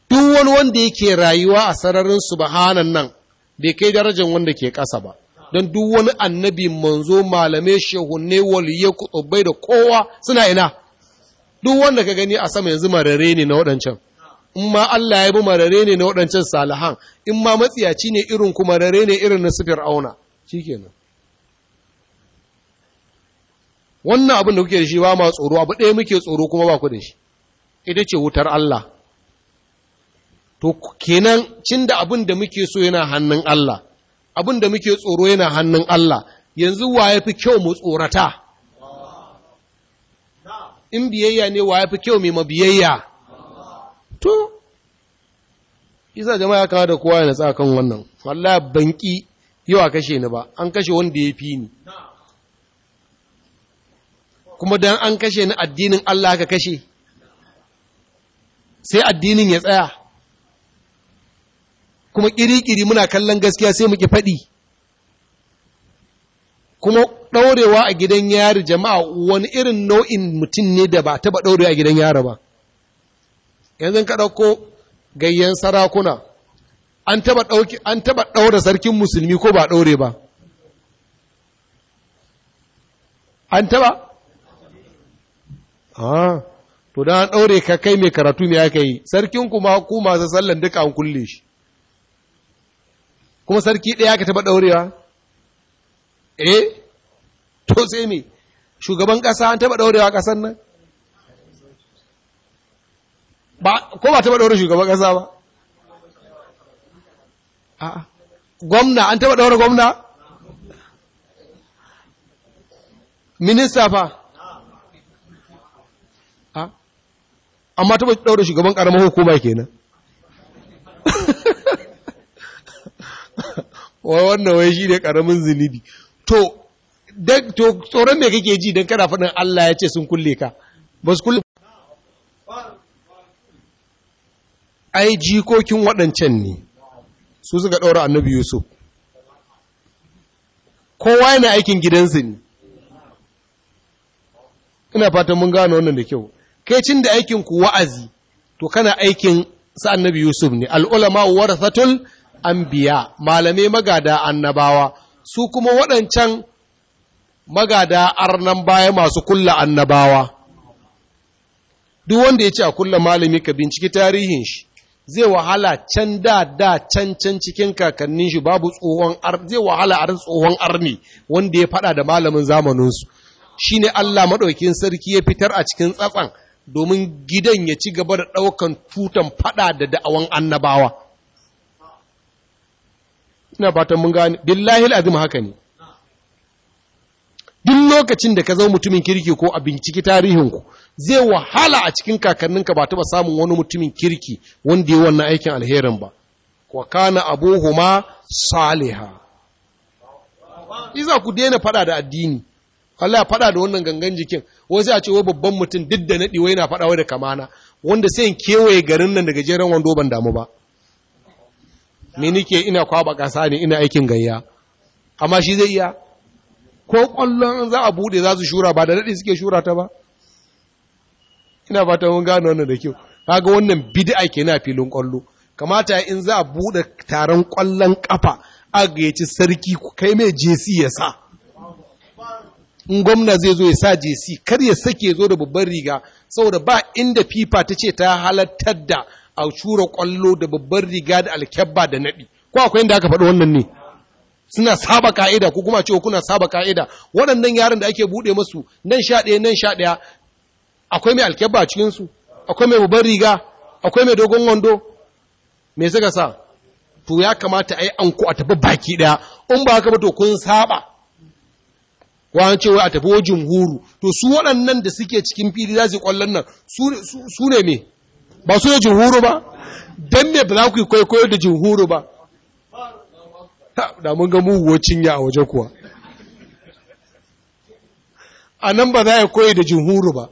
duk wani wanda yake rayuwa a sararin subhanan nan bai kai darajar wanda ke ƙasa ba don duk wani annabi manzo malamai shehunne waliyai kutubai da kowa suna ina duk wanda ka gani a sama yanzu marare ne na waɗancan in ma Allah ya bi marare ne na waɗancan salihan in ma matsiyaci ne irin ku marare ne irin na su fir'auna shikenan wannan abin da kuke da shi ba ma tsoro abu ɗaya muke tsoro kuma ba ku da shi ita ce wutar Allah to kenan cin da abin da muke so yana hannun Allah abin da muke tsoro yana hannun Allah yanzu wa ya fi kyau mu tsorata in biyayya ne wa ya fi kyau mai mabiyayya to isa jama'a kawo da kowa ya natsa kan wannan wallah banki yawa kashe ni ba an kashe wanda ya fi ni kuma don an kashe ni addinin Allah ka kashe sai addinin ya tsaya kuma ƙiri-ƙiri muna kallon gaskiya sai muke faɗi kuma ɗaurewa a gidan yari jama'a wani irin nau'in mutum ne da ba taɓa ɗaure a gidan yari ba yanzu ka ɗauko gayyan sarakuna an taɓa ɗaure sarkin musulmi ko ba ɗaure ba an taɓa? ah to da an ɗaure ka kai mai karatu mai aka yi sarkin kuma ku masu sallan duka an kulle shi kuma sarki ɗaya ka taɓa ɗaurewa eh to sai me shugaban ƙasa an taɓa ɗaurewa ƙasar nan ba ko ba taɓa ɗaure shugaban ƙasa ba gwamna an taɓa ɗaure gwamna minista fa ah. amma taɓa ɗaure shugaban ƙaramar hukuma kenan wai wannan wai shi ne ƙaramin zunubi to tsoron me kake ji don kana faɗin Allah ya ce sun kulle ka ba su kulle ai jikokin waɗancan ne su suka ɗaura annabi yusuf kowa yana aikin gidansu ne ina fatan mun gano wannan da kyau kai cin da aikin ku wa'azi to kana aikin sa annabi yusuf ne al'ulama warathatul anbiya malamai magada annabawa su kuma waɗancan magada arnan baya masu kulla annabawa duk wanda ya ce a kulla malami ka binciki tarihin shi zai wahala can da da can can cikin kakannin shi babu tsohon ar zai wahala a tsohon arni wanda ya fada da malamin zamaninsu shine Allah maɗaukin sarki ya fitar a cikin tsatsan domin gidan ya ci gaba da ɗaukan tutan fada da da'awan annabawa ina fatan mun gane billahi alazim haka ne duk lokacin da ka zama mutumin kirki ko a binciki ku zai wahala a cikin kakanninka ba taɓa samun wani mutumin kirki wanda ya wannan aikin alherin ba wa kana abuhuma saliha iza ku daina faɗa da addini Allah ya faɗa da wannan gangan jikin wasu a ce wai babban mutum duk da naɗi wai na fada wai da kamana wanda sai in kewaye garin nan daga jeren wando ban damu ba me nike ina kwaba ƙasa ne ina aikin gayya amma shi zai iya ko ƙwallon za a buɗe za su shura ba da daɗi suke shura ta ba ina fata mun gano wannan da kyau kaga wannan bid'a ke na filin ƙwallo kamata in za a buɗe taron ƙwallon ƙafa a gayyaci sarki kai mai jesi ya sa in gwamna zai zo ya sa jesi kar ya sake zo da babban riga saboda ba inda fifa ta ce ta halartar da a cura kwallo da babbar riga da alkyabba da naɗi ko akwai inda aka faɗi wannan ne suna saba ka'ida ko kuma ce kuna saba ka'ida waɗannan yaran da ake buɗe masu nan sha ɗaya nan sha ɗaya akwai mai alkyabba a cikinsu akwai mai babbar riga akwai mai dogon wando me suka sa to ya kamata a yi anko a tafi baki ɗaya in ba haka ba to kun saba wani cewa a tafi wajen huru to su waɗannan da suke cikin fili za su yi ƙwallon nan su ne me ba su yi jihuru ba don ne ba za ku yi kwaikwayo da jihuru ba da mun ga muguwar cinya a waje kuwa a nan ba za a kwaye da jihuru ba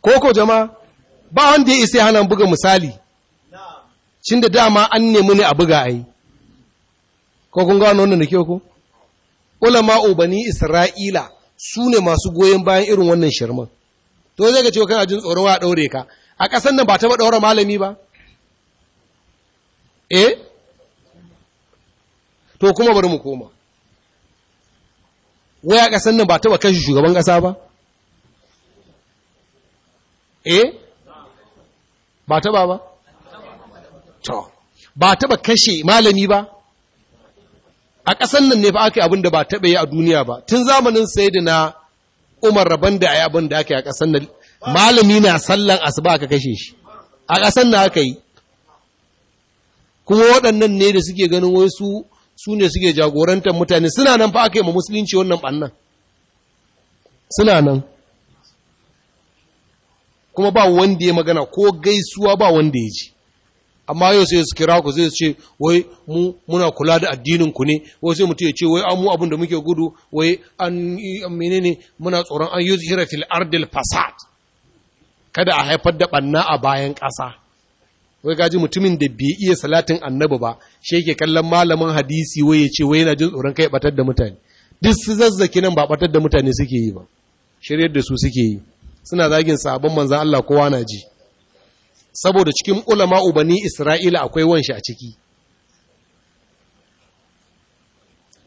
koko jama'a ba wanda ya isa hana buga misali cin da dama an nemi ne a buga a yi ko kun gano wannan da ke ku ulama ubani isra'ila su ne masu goyon bayan irin wannan shirman to zai ga cewa kana jin tsoro wa daure ka a ƙasan nan ba ta daura malami ba eh to kuma bari mu koma waya ƙasan nan ba ta kan shi shugaban ƙasa ba eh ba ta ba ba to ba taba kashe malami ba a ƙasan nan ne fa ake abinda ba taɓa yi a duniya ba tun zamanin sayidina umar rabon da ya abin da aka yi a ƙasar nan malami na sallan asuba aka kashe shi a ƙasar nan aka yi kuma waɗannan ne da suke ganin wai su su ne suke jagorantar mutane suna nan fa aka yi ma musulunci wannan ɓannan suna nan kuma ba wanda ya magana ko gaisuwa ba wanda ya ji amma yau sai su kira ku zai ce wai mu muna kula da addinin ku ne wai sai mutum ya ce wai mu abin da muke gudu wai an menene muna tsoron an yi zuhira fil ardil fasad kada a haifar da banna a bayan ƙasa wai gaji mutumin da bai iya salatin annabi ba shi yake kallon malamin hadisi wai ya ce wai yana jin tsoron kai batar da mutane duk su zazzaki nan ba batar da mutane suke yi ba shiryar da su suke yi suna zagin sabon manzan Allah kowa na ji saboda cikin ulama ubani isra'ila akwai wanshi a ciki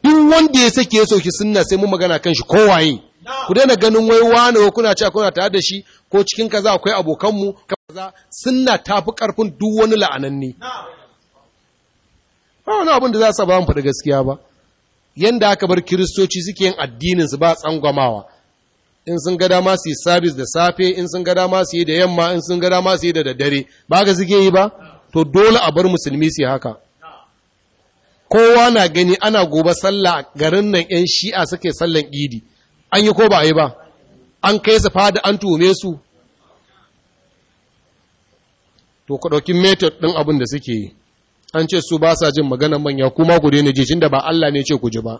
duk wanda ya sake ya sauki suna sai mu magana kan shi kowaye ku daina ganin wai wani wa kuna cewa kuna tare da shi ko cikin kaza akwai abokanmu kaza sunna tafi karfin duk wani la'ananne ba wani abin da za su ba mu faɗi gaskiya ba yanda aka bar kiristoci suke yin addininsu ba tsangwamawa in sun ga dama su yi sabis da safe in sun ga dama su yi da yamma in sun ga dama su yi da daddare ba ga suke yi ba to dole a bar musulmi su haka kowa na gani ana gobe sallah garin nan yan shi'a suke sallan idi an yi ko ba a yi ba an kai su fada an tuhume su to ku ɗauki method ɗin abin da suke yi an ce su ba sa jin maganar manya kuma ku daina jishin da ba Allah ne ce ku ji ba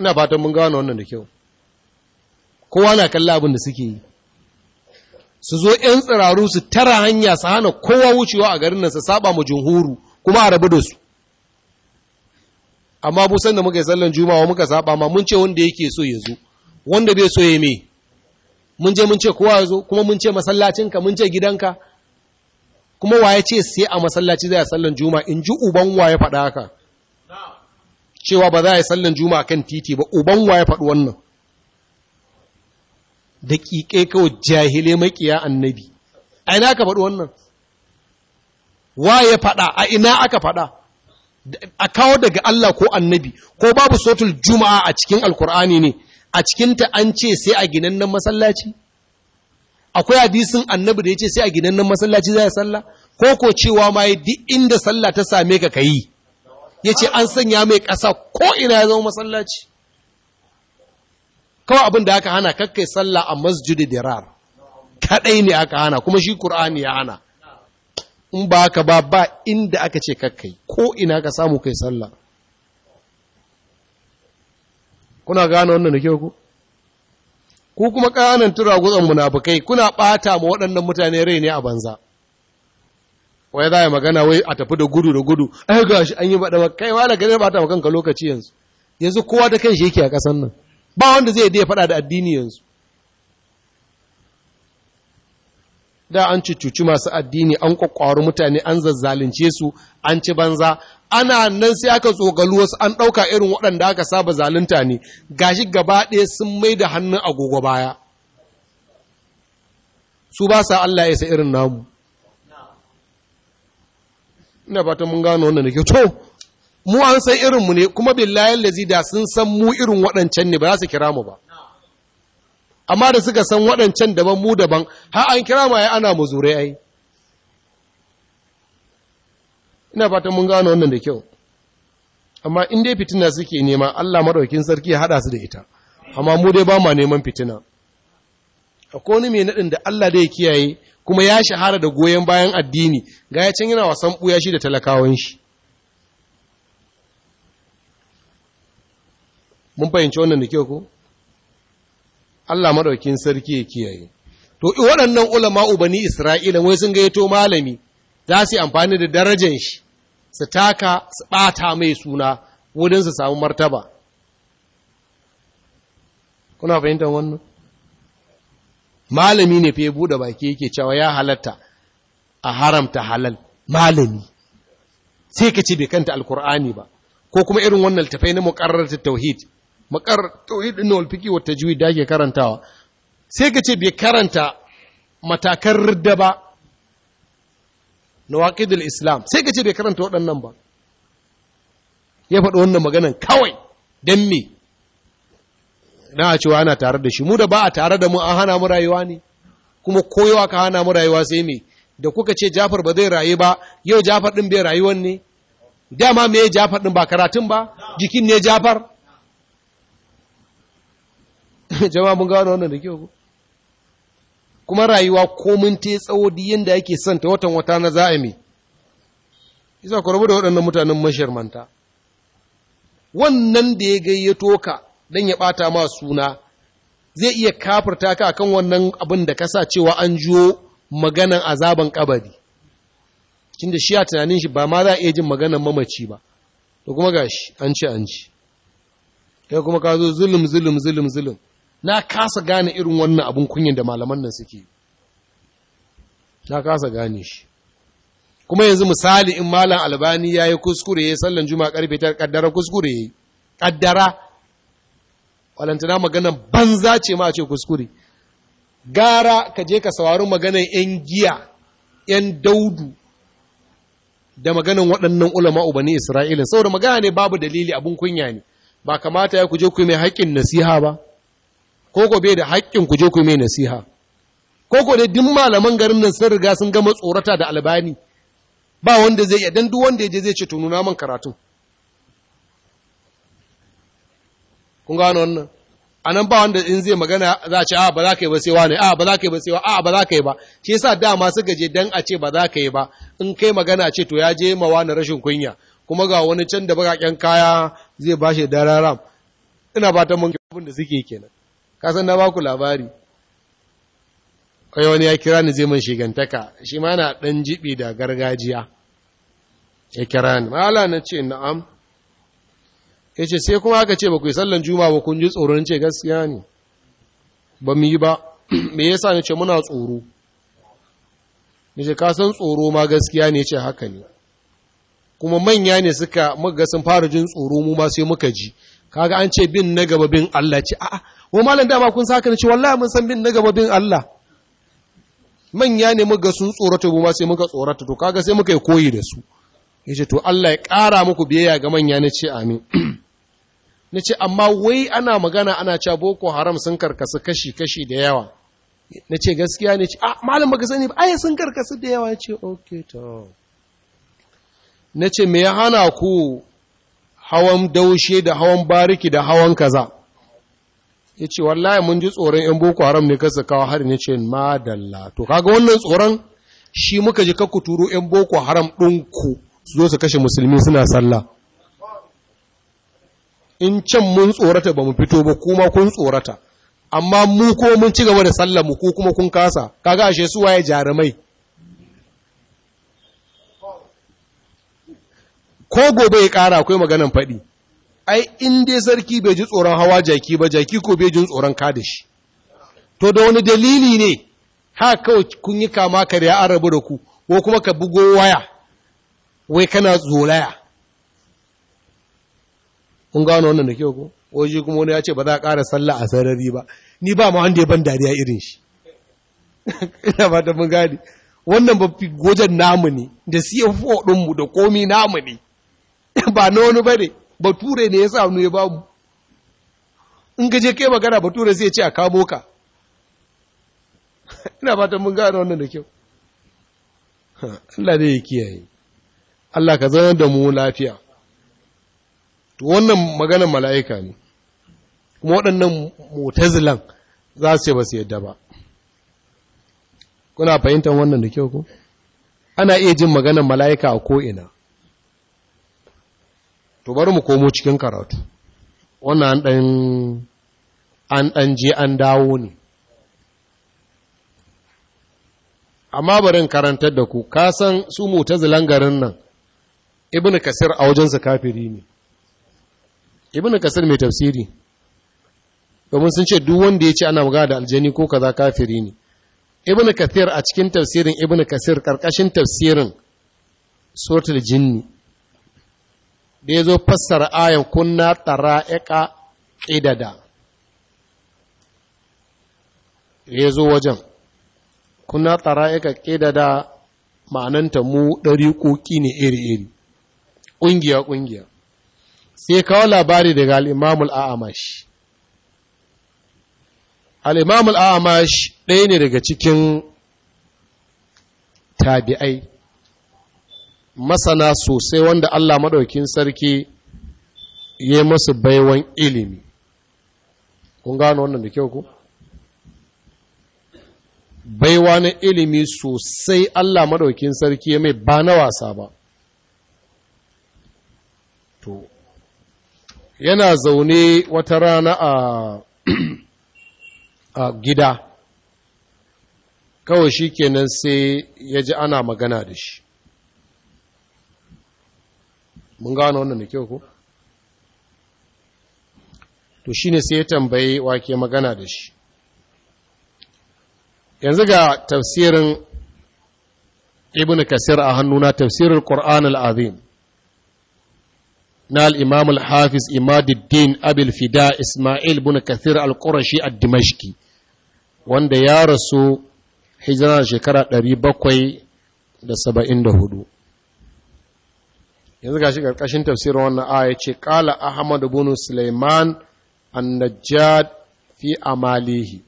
ina fatan mun gano wannan da kyau kowa na kalla abin da suke yi su zo 'yan tsiraru su tara hanya su hana kowa wucewa a garin nan su saba mu jinhuru kuma a rabu da su amma san da muka yi sallan juma'a muka saba ma mun ce wanda yake so ya zo wanda bai so ya me mun je mun ce kowa ya zo kuma mun ce masallacinka mun ce gidanka kuma waye ce sai a masallaci zai sallan juma'a in ji uban waye faɗa haka cewa ba za a yi sallan juma'a kan titi ba uban wa ya faɗi wannan da ƙiƙe kawai jahile maƙiya annabi a ina aka faɗi wannan wa faɗa a ina aka faɗa a kawo daga Allah ko annabi ko babu sotul juma'a a cikin alkur'ani ne a cikinta an ce sai a ginannan masallaci akwai hadisin annabi da ya ce sai a ginannan masallaci za ya salla ko ko cewa ma yi duk inda sallah ta same ka ka yi ya ce an sanya mai ƙasa ko ina ya zama masallaci kawai abin da aka hana kakai sallah a masjidi dirar kaɗai ne aka hana kuma shi ƙur'ani ya hana in ba ka ba ba inda aka ce kakai ko ina ka samu kai sallah kuna gane wannan da kyau ku ku kuma ƙananan turagutsan munafukai kuna ɓata ma waɗannan mutane rai ne a banza wai za a magana wai a tafi da gudu da gudu ai ga shi an yi baɗa kai wala gari ba ta kanka lokaci yanzu yanzu kowa da kan shi yake a kasan nan ba wanda zai iya faɗa da addini yanzu da an cucuci masu addini an kwakwaru mutane an zazzalince su an ci banza ana nan sai aka tsogalu wasu an ɗauka irin waɗanda aka saba zalunta ne gashi gaba ɗaya sun mai da hannun agogo baya su ba sa Allah ya sa irin namu ina fatan mun gano wannan da ke to mu an san irin mu ne kuma billahi lazi da sun san mu irin waɗancan ne ba za su kira mu ba amma da suka san waɗancan daban mu daban har an kira mu ai ana mu zure ai ina fatan mun gano wannan da kyau amma in dai fitina suke nema Allah madaukakin sarki ya hada su da ita amma mu dai ba ma neman fitina akwai wani mai nadin da Allah dai kiyaye kuma ya shahara da goyon bayan addini ga ya can yana wasan ɓuya shi da talakawan shi mun fahimci wannan da kyau ko Allah maɗaukin sarki ya kiyaye to waɗannan ulama ubani Isra'ila wai sun gaito malami za su yi amfani da darajar shi su taka su ɓata mai suna wurin su samu martaba kuna fahimtar wannan malami ne fa ya bude baki yake cewa ya halatta a haramta halal malami sai ka ce bai kanta alkur'ani ba ko kuma irin wannan tafai na muqarrar tauhid muqarrar tauhid din wal fiqi wata tajwid da ke karantawa sai ka ce bai karanta matakan ridda ba nawaqidul islam sai ka ce bai karanta waɗannan ba ya faɗi wannan maganan kawai dan me na a cewa ana tare da shi mu da ba a tare da mu an hana mu rayuwa ne kuma koyawa ka hana mu rayuwa sai me da kuka ce Jafar ba zai rayu ba yau Jafar din bai rayuwan ne dama me Jafar din ba karatun ba jikin ne Jafar jama'a mun gano wannan da kyau kuma rayuwa ko mun te tsawo duk yanda yake son ta watan wata na za'imi isa ku rabu da waɗannan mutanen manta wannan da ya gayyato ka don ya ɓata ma suna zai iya kafirta ka kan wannan abin da kasa cewa an jiwo maganan azaban kabari cin da shi a tunanin shi ba ma za a iya jin maganan mamaci ba to kuma ga shi an ce an ci kai kuma ka zo zulum zulum zulum zulum na kasa gane irin wannan abin kunyin da malaman nan suke na kasa gane shi kuma yanzu misali in malam albani ya yi kuskure ya sallan juma'a karfe ta kaddara kuskure ya yi kaddara walantana maganan banza ce ma ce kuskure gara ka je ka saurari maganan yan giya yan daudu da maganan waɗannan ulama ubani isra'ila saboda magana ne babu dalili abin kunya ne ba kamata ya kuje ku mai haƙƙin nasiha ba ko ko bai da haƙƙin kuje ku mai nasiha ko ko dai duk malaman garin nan sun riga sun gama tsorata da albani ba wanda zai iya dan duk wanda ya je zai ce tununa nuna man karatu kun gano wannan a nan ba wanda in zai magana za a ce a ah, ba za ka yi ba sai wane a ah, ba za ka yi ba sai a ah, ba za ka yi ba shi yasa dama suka je dan a ce ba za ka yi ba in kai magana ce to ya je ma wani rashin kunya kuma ga wani can da bakaken kaya zai ba shi dararam ina ba ta mun abin da suke kenan ka san na baku labari kai wani ya kira ni zai mun shigantaka shi ma na dan jibi da gargajiya ya kira ni mallan na ce na'am ya ce sai kuma aka ce ba ku yi sallan juma ba kun ji tsoron ce gaskiya ne ba mu yi ba me yasa ne ce muna tsoro ya ce kasan tsoro ma gaskiya ne ce haka ne kuma manya ne suka muka sun fara jin tsoro mu ma sai muka ji kaga an ce bin na gaba bin Allah ce a'a wa malam dama kun saka ne ce wallahi mun san bin na gaba bin Allah manya ne muka sun tsorata mu ma sai muka tsorata to kaga sai muka yi koyi da su yace to Allah ya ƙara muku biyayya ga manya ne ce amin na ce amma wai ana magana ana cewa boko haram sun karkasu kashi-kashi da yawa na ce gaskiya ne ce a ah, malam baka sani ba ai sun karkasu da yawa ce ok to na ce me ya hana ku hawan daushe da hawan bariki da hawan kaza ya ce wallahi mun ji tsoron yan boko haram ne kasa kawo hari na ce madalla to kaga wannan tsoron shi muka ji kakku turo yan boko haram ɗinku su zo su kashe musulmi suna sallah in can mun tsorata ba mu fito ba kuma kun tsorata amma mu ko mun ci gaba da sallar mu ko kuma kun kasa kaga ashe su waye jarumai ko gobe ya kara akwai maganan faɗi ai in dai sarki bai ji tsoron hawa jaki ba jaki ko bai jin tsoron kada to da wani dalili ne ha kawai kun yi kama karya an arabu da ku ko kuma ka bugo waya wai kana zolaya kun gano wannan da kyau ko waje kuma wani ya ce ba za a ƙara sallah a sarari ba ni ba ma wanda ya ban dariya irin shi ina ba ta mun gani, wannan ba fi gojen namu ne da CFO ɗinmu da komi namu ne ba na wani ba ne bature ne ya sa hannu ya mu, in gaje kai magana bature zai ce a kamo ka ina ba ta mun gane wannan da kyau Allah ne ya kiyaye Allah ka zanar da mu lafiya to wannan maganar mala'ika ne kuma waɗannan motazilan za su yi ba su yadda ba kuna fahimtar wannan da kyau ku ana iya jin maganar mala'ika a ko'ina to bari mu komo cikin karatu wannan ɗan an ɗan je an dawo ne amma barin karantar da ku kasan su motazilan garin nan ibn kasir a wajensa kafiri ne ibn kasir mai tafsiri domin sun ce duk wanda ya ce ana magana da aljani ko kaza kafiri ne ibn kathir a cikin tafsirin ibn kasir karkashin tafsirin suratul jinni da ya zo fassara ayan kunna tara'iqa idada ya wajen kunna tara'iqa idada ma'ananta mu ɗari ne iri-iri ƙungiya-ƙungiya sai kawo labari daga al'imamul a'amash al'imamul a'amash ɗaya ne daga cikin tabi'ai masana sosai wanda Allah maɗaukin sarki ya masu baiwan ilimi kun gano wannan da kyau ku? baiwa na ilimi sosai Allah maɗaukin sarki ya mai ba na wasa ba to yana zaune wata rana a gida kawai shi kenan sai ya ji ana magana da shi mun gano wannan da kyau ko? to shi ne sai ya tambayi wake magana da shi yanzu ga tafsirin ibn kasir a hannuna tafsirin ƙor'an al'azim na al-imam al-hafiz imaduddin fida isma'il bin kathir al a ad wanda ya rasu hijira shekara 774 yanzu gashi karkashin tafsirin wannan aya ce qala ahmad bin sulaiman an fi amalihi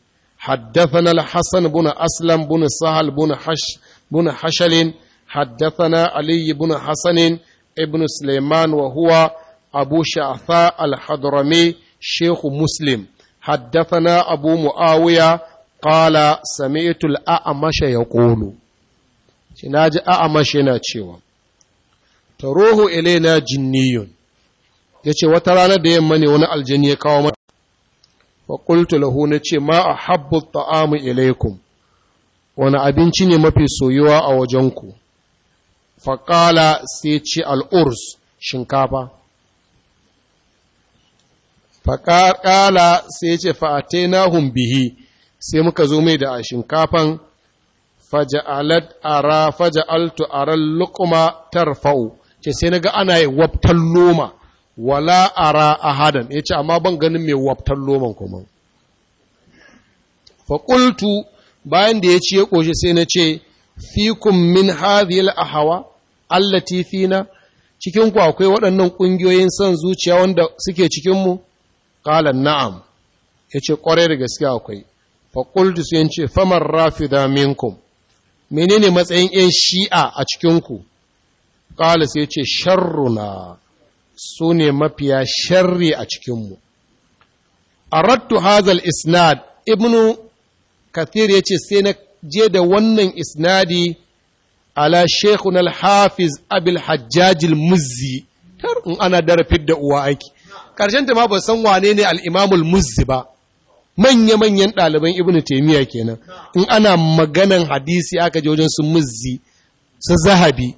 حدثنا الحسن بن أسلم بن سهل بن حش بن حشل حدثنا علي بن حسن ibn Suleiman wa huwa Abu Sha'fa al-Hadrami Sheikh Muslim haddathana Abu Muawiya qala sami'tu al-A'mash yaqulu shi naji A'mash yana cewa taruhu ilaina jinniyun yace wata rana da yamma ne wani aljini ya kawo mata wa qultu lahu nace ma ahabbu at-ta'amu ilaykum wani abinci ne mafi soyuwa a wajenku faƙala sai ce al'urs shinkafa faƙala sai ce fa'ate na bihi sai muka zo mai da a shinkafan faja’altu ara ran lukuma tarfa'u ce sai na ga ana yi wabtan loma wala ara ahadan ya ce amma ban ganin mai wabtan loman kuma faƙultu bayan da ya ce ya ƙoshe sai na ce fikun min hadhil ahawa allati fina cikin ku akwai waɗannan ƙungiyoyin son zuciya wanda suke cikin mu na'am, na'am ce ƙwarai da gaske akwai fa qultu sai ce famar da minkum menene matsayin yan shi'a a cikinku? ku sai yace sharruna sune mafiya sharri a cikin mu ratu hazal isnad ibnu kathir yace sai na je da wannan isnadi ala shekuna al-hafiz abil hajjajil muzzi uwa aiki ƙarshen ma ba san wane ne al ba manya-manyan ɗaliban ibnu taimiyya kenan in ana maganan hadisi aka ji wajen su Muzi su zahabi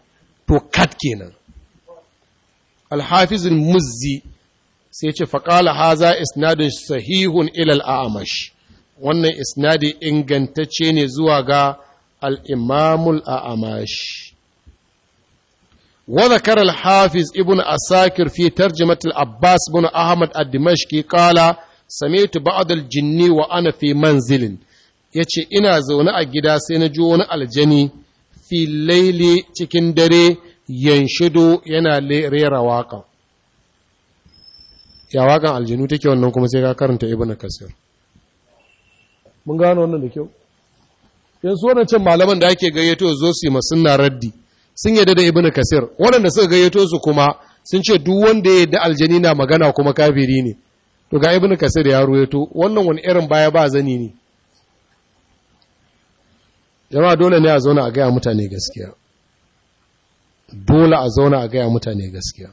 to kat kenan al-hafiz muzzi sai ce faƙala haza isnadin sahihun ilal a'amash wannan isnadi ingantacce ne zuwa ga al’imamul a amashi. Wada karar Hafiz ibn Asakir fi tarjimatul Abbas bin Ahmad al-Dimashki kala, Samitu ba’adul jinni wa ana fi manzilin, ya ce, Ina zaune a gida sai na ji wani aljani fi laili cikin dare yanshido yana rera waƙa. Ya waƙan aljinu take wannan kuma sai ka karanta ibn Kasir. Mun gano wannan da kyau? yanzu can malaman da ake gayyato zo su yi masunna raddi sun yadda da ibnu kasir waɗanda suka gayyato su kuma sun ce duk wanda ya yadda aljani na magana kuma kafiri ne to ga ibnu kasir ya ruwaito wannan wani irin baya ba zani ne jama'a dole ne a zauna a gaya mutane gaskiya dole a zauna a gaya mutane gaskiya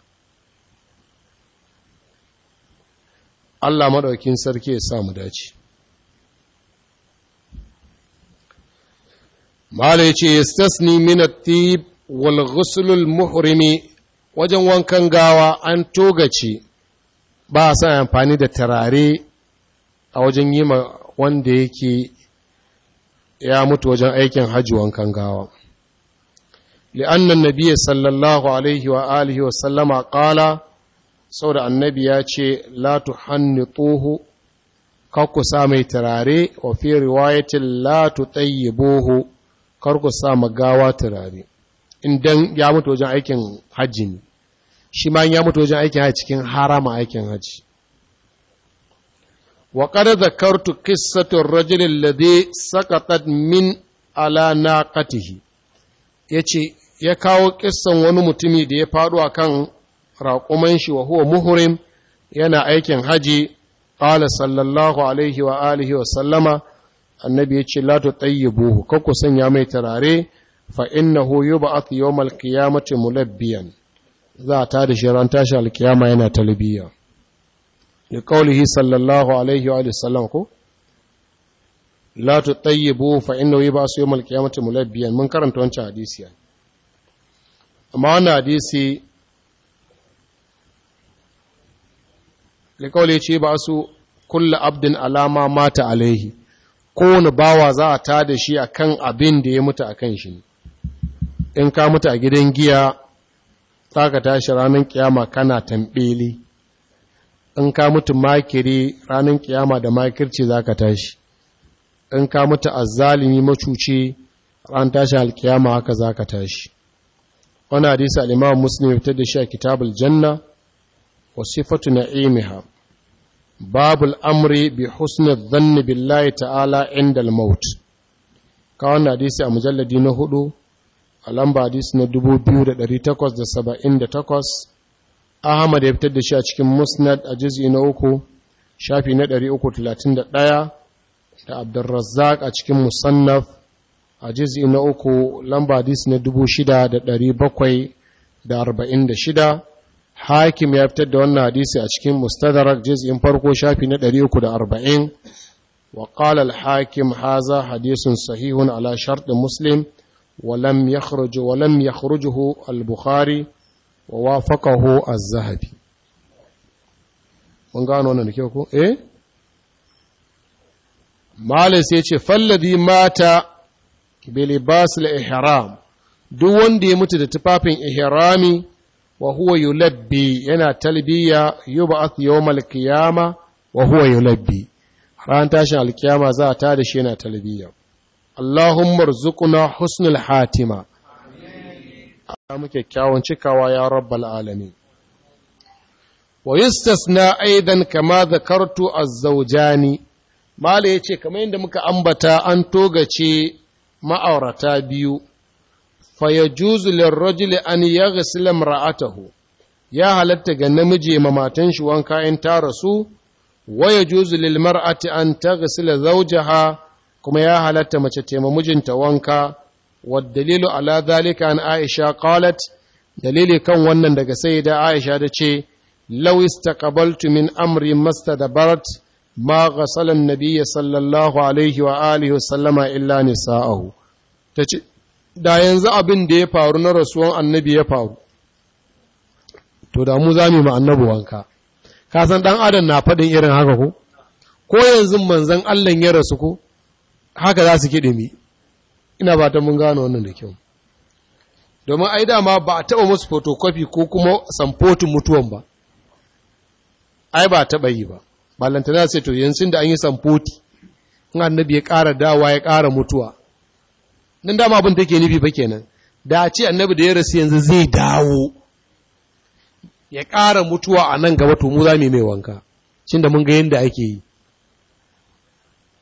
Allah maɗaukin sarki ya sa mu dace malai ya ce yastasni min at-tib wal ghuslul muhrimi wajen wankan gawa an togace ba a san amfani da tarare a wajen yi wanda yake ya mutu wajen aikin hajji wankan gawa li'annan nabiya sallallahu alaihi wa alihi wa sallama qala saboda annabi ya ce la tuhannituhu kakku sa mai tarare wa fi riwayatin la tutayyibuhu kar ku sa magawa turare idan ya mutu wajen aikin hajji ne shi ma ya mutu wajen aikin hajji cikin harama aikin hajji wa qad zakartu qissatu ar-rajul alladhi saqatat min ala naqatihi yace ya kawo kissan wani mutumi da ya faɗo akan raƙuman shi wa huwa muhrim yana aikin haji qala sallallahu alaihi wa alihi wa sallama annabi ya ce la buhu kakku sanya mai turare fa yi yub'ath yawmal qiyamati mulabbiyan za a da shi ran tashi alkiyama yana talbiya li qawlihi sallallahu alaihi wa sallam ko la buhu fa yi yub'ath yawmal qiyamati mulabbiyan mun karanta wancan hadisi amma wani hadisi li ce ba su kulla abdin alama mata alaihi kowane bawa za a ta da shi a kan abin da ya mutu a kan shi in ka mutu a gidan giya za ka tashi ranar kiyama kana tambeli in ka mutu makiri ranar kiyama da makirci za ka tashi in ka mutu azzalimi macuci ran tashi alkiyama haka za ka tashi wani hadisi al'imam muslim fitar da shi a kitabul janna wa sifatu imiham. babul amri bi husnul zanni billahi ta'ala inda al-maut kawon hadisi a na hudu a lamba hadisi na 2878 ahmad ya fitar da shi a cikin musnad a juz'i na uku shafi na 331 da abdurrazzaq a cikin musannaf a juz'i na uku lamba hadisi na 6746 hakim ya fitar da wannan hadisi a cikin mustadrak juz'in farko shafi na 340 wa qala al-hakim haza hadisun sahihun ala shart muslim wa lam yakhruj wa lam yakhrujuhu al-bukhari wa wafaqahu az-zahabi mun gano wannan da ko eh malai sai ce falladhi mata bi libas al-ihram duk wanda ya mutu da tufafin ihrami Wahuwa huwa yulabbi yana talbiya yub'ath yawmal qiyama wa huwa yulabbi ran tashin alkiyama za ta da shi yana talbiya Allahumma rzuqna husnul hatima amin kyakkyawan cikawa ya rabbal alamin wa yustasna aidan kama zakartu az-zawjani mala yace kamar yadda muka ambata an togace ma'aurata biyu fa ya juzu lirrajuli an ya gasila ra'atahu ya halatta ga namiji ma matan shi wanka in ta rasu wa ya juzu lil mar'ati an ta gasila zawjaha kuma ya halatta mace tema mijinta wanka والدليل على ذلك عن Aisha قالت دليل kan wannan daga sayyida Aisha da ce law istaqbaltu min amri mastadbarat ma ghasala an-nabiy sallallahu alaihi wa alihi illa nisa'ahu tace da yanzu abin da ya faru na rasuwan annabi ya faru to da mu za mu ma annabu wanka ka san dan adam na faɗin irin haka ko ko yanzu manzon Allah ya rasu ko haka za su kiɗe mi ina ba ta mun gano wannan da kyau domin ai dama ba a taɓa musu photocopy ko kuma samfotin mutuwan ba ai ba taɓa yi ba ballantana sai to yanzu da an yi samfoti in annabi ya ƙara dawa ya ƙara mutuwa don dama abin da ke nufi fa kenan da a ce annabi da ya rasu yanzu zai dawo ya ƙara mutuwa a nan gaba to za mu mai wanka cin da mun ga yadda ake yi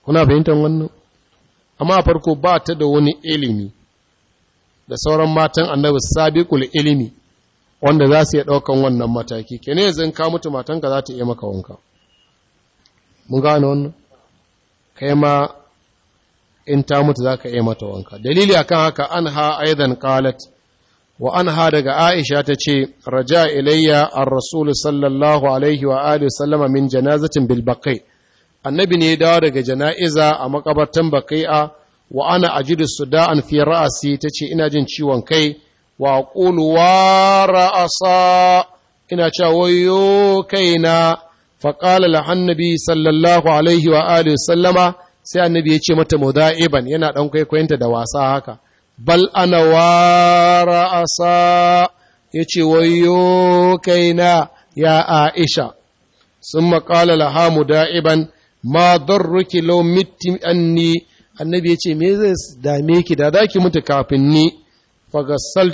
kuna fahimtar wannan amma a farko ba ta da wani ilimi da sauran matan annabi sabiqul ilimi wanda za su iya ɗaukan wannan mataki kene ne zan ka mutu matanka za ta iya maka wanka mun gane wannan kai ma in ta mutu za ka iya mata wanka dalili akan haka an ha aidan qalat wa an ha daga aisha ta ce raja ilayya a rasul sallallahu alaihi wa alihi sallama min janazatin bilbakai annabi ne ya dawo daga jana'iza a makabartan baqi'a wa ana ajidu suda'an fi ra'asi tace ina jin ciwon kai wa qulu wa ra'asa ina cewa wayo kaina fa la annabi sallallahu alaihi wa alihi sallama sai annabi ya ce mata muda'iban yana dan kwaikwayonta da wasa haka bal ana wara asa ya ce wayo kaina ya aisha sun maƙala laha muda'iban ma darruki law mitti anni annabi ya ce me zai dame ki da za ki mutu kafin ni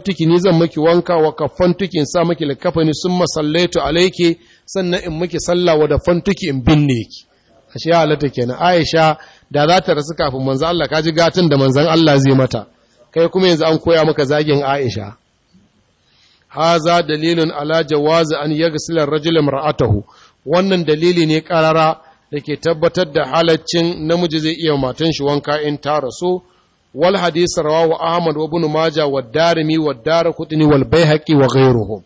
tuki ni zan maki wanka wa tuki in sa maki likafani sun masallaitu alaiki sannan in maki sallah wa da fantuki in binne ki ashe ya halatta kenan aisha da za ta rasu kafin manzan Allah ka ji gatin da manzan Allah zai mata kai kuma yanzu an koya maka zagin Aisha haza dalilin ala jawazi an yaga ar imra'atahu wannan dalili ne karara da ke tabbatar da halaccin namiji zai iya matan shi wanka in ta rasu wal hadisi rawahu ahmad wa ibn maja wa darimi wa darqutni wal wa ghayruhum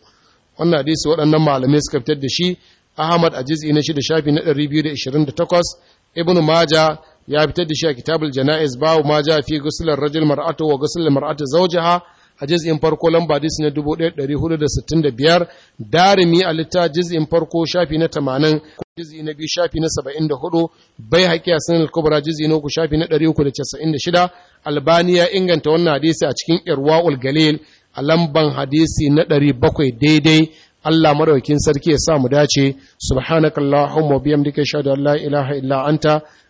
wannan hadisi waɗannan malamai suka fitar da shi ahmad a juz'i na 6 shafi na 228 ibn maja ya fitar da shi a kitabul jana'iz babu ma ja fi ghuslar rajul mar'atu wa ghuslar mar'atu zawjaha a juz'in farko lamba dis na 1465 darimi a litta juz'in farko shafi na 80 juz'i na biyu shafi na 74 bai haƙi a sanar kubra juz'i na uku shafi na 396 albani ya inganta wannan hadisi a cikin irwaul galil a lamban hadisi na 700 daidai Allah madaukin sarki ya sa mu dace subhanakallahumma wa bihamdika ashhadu an la ilaha illa anta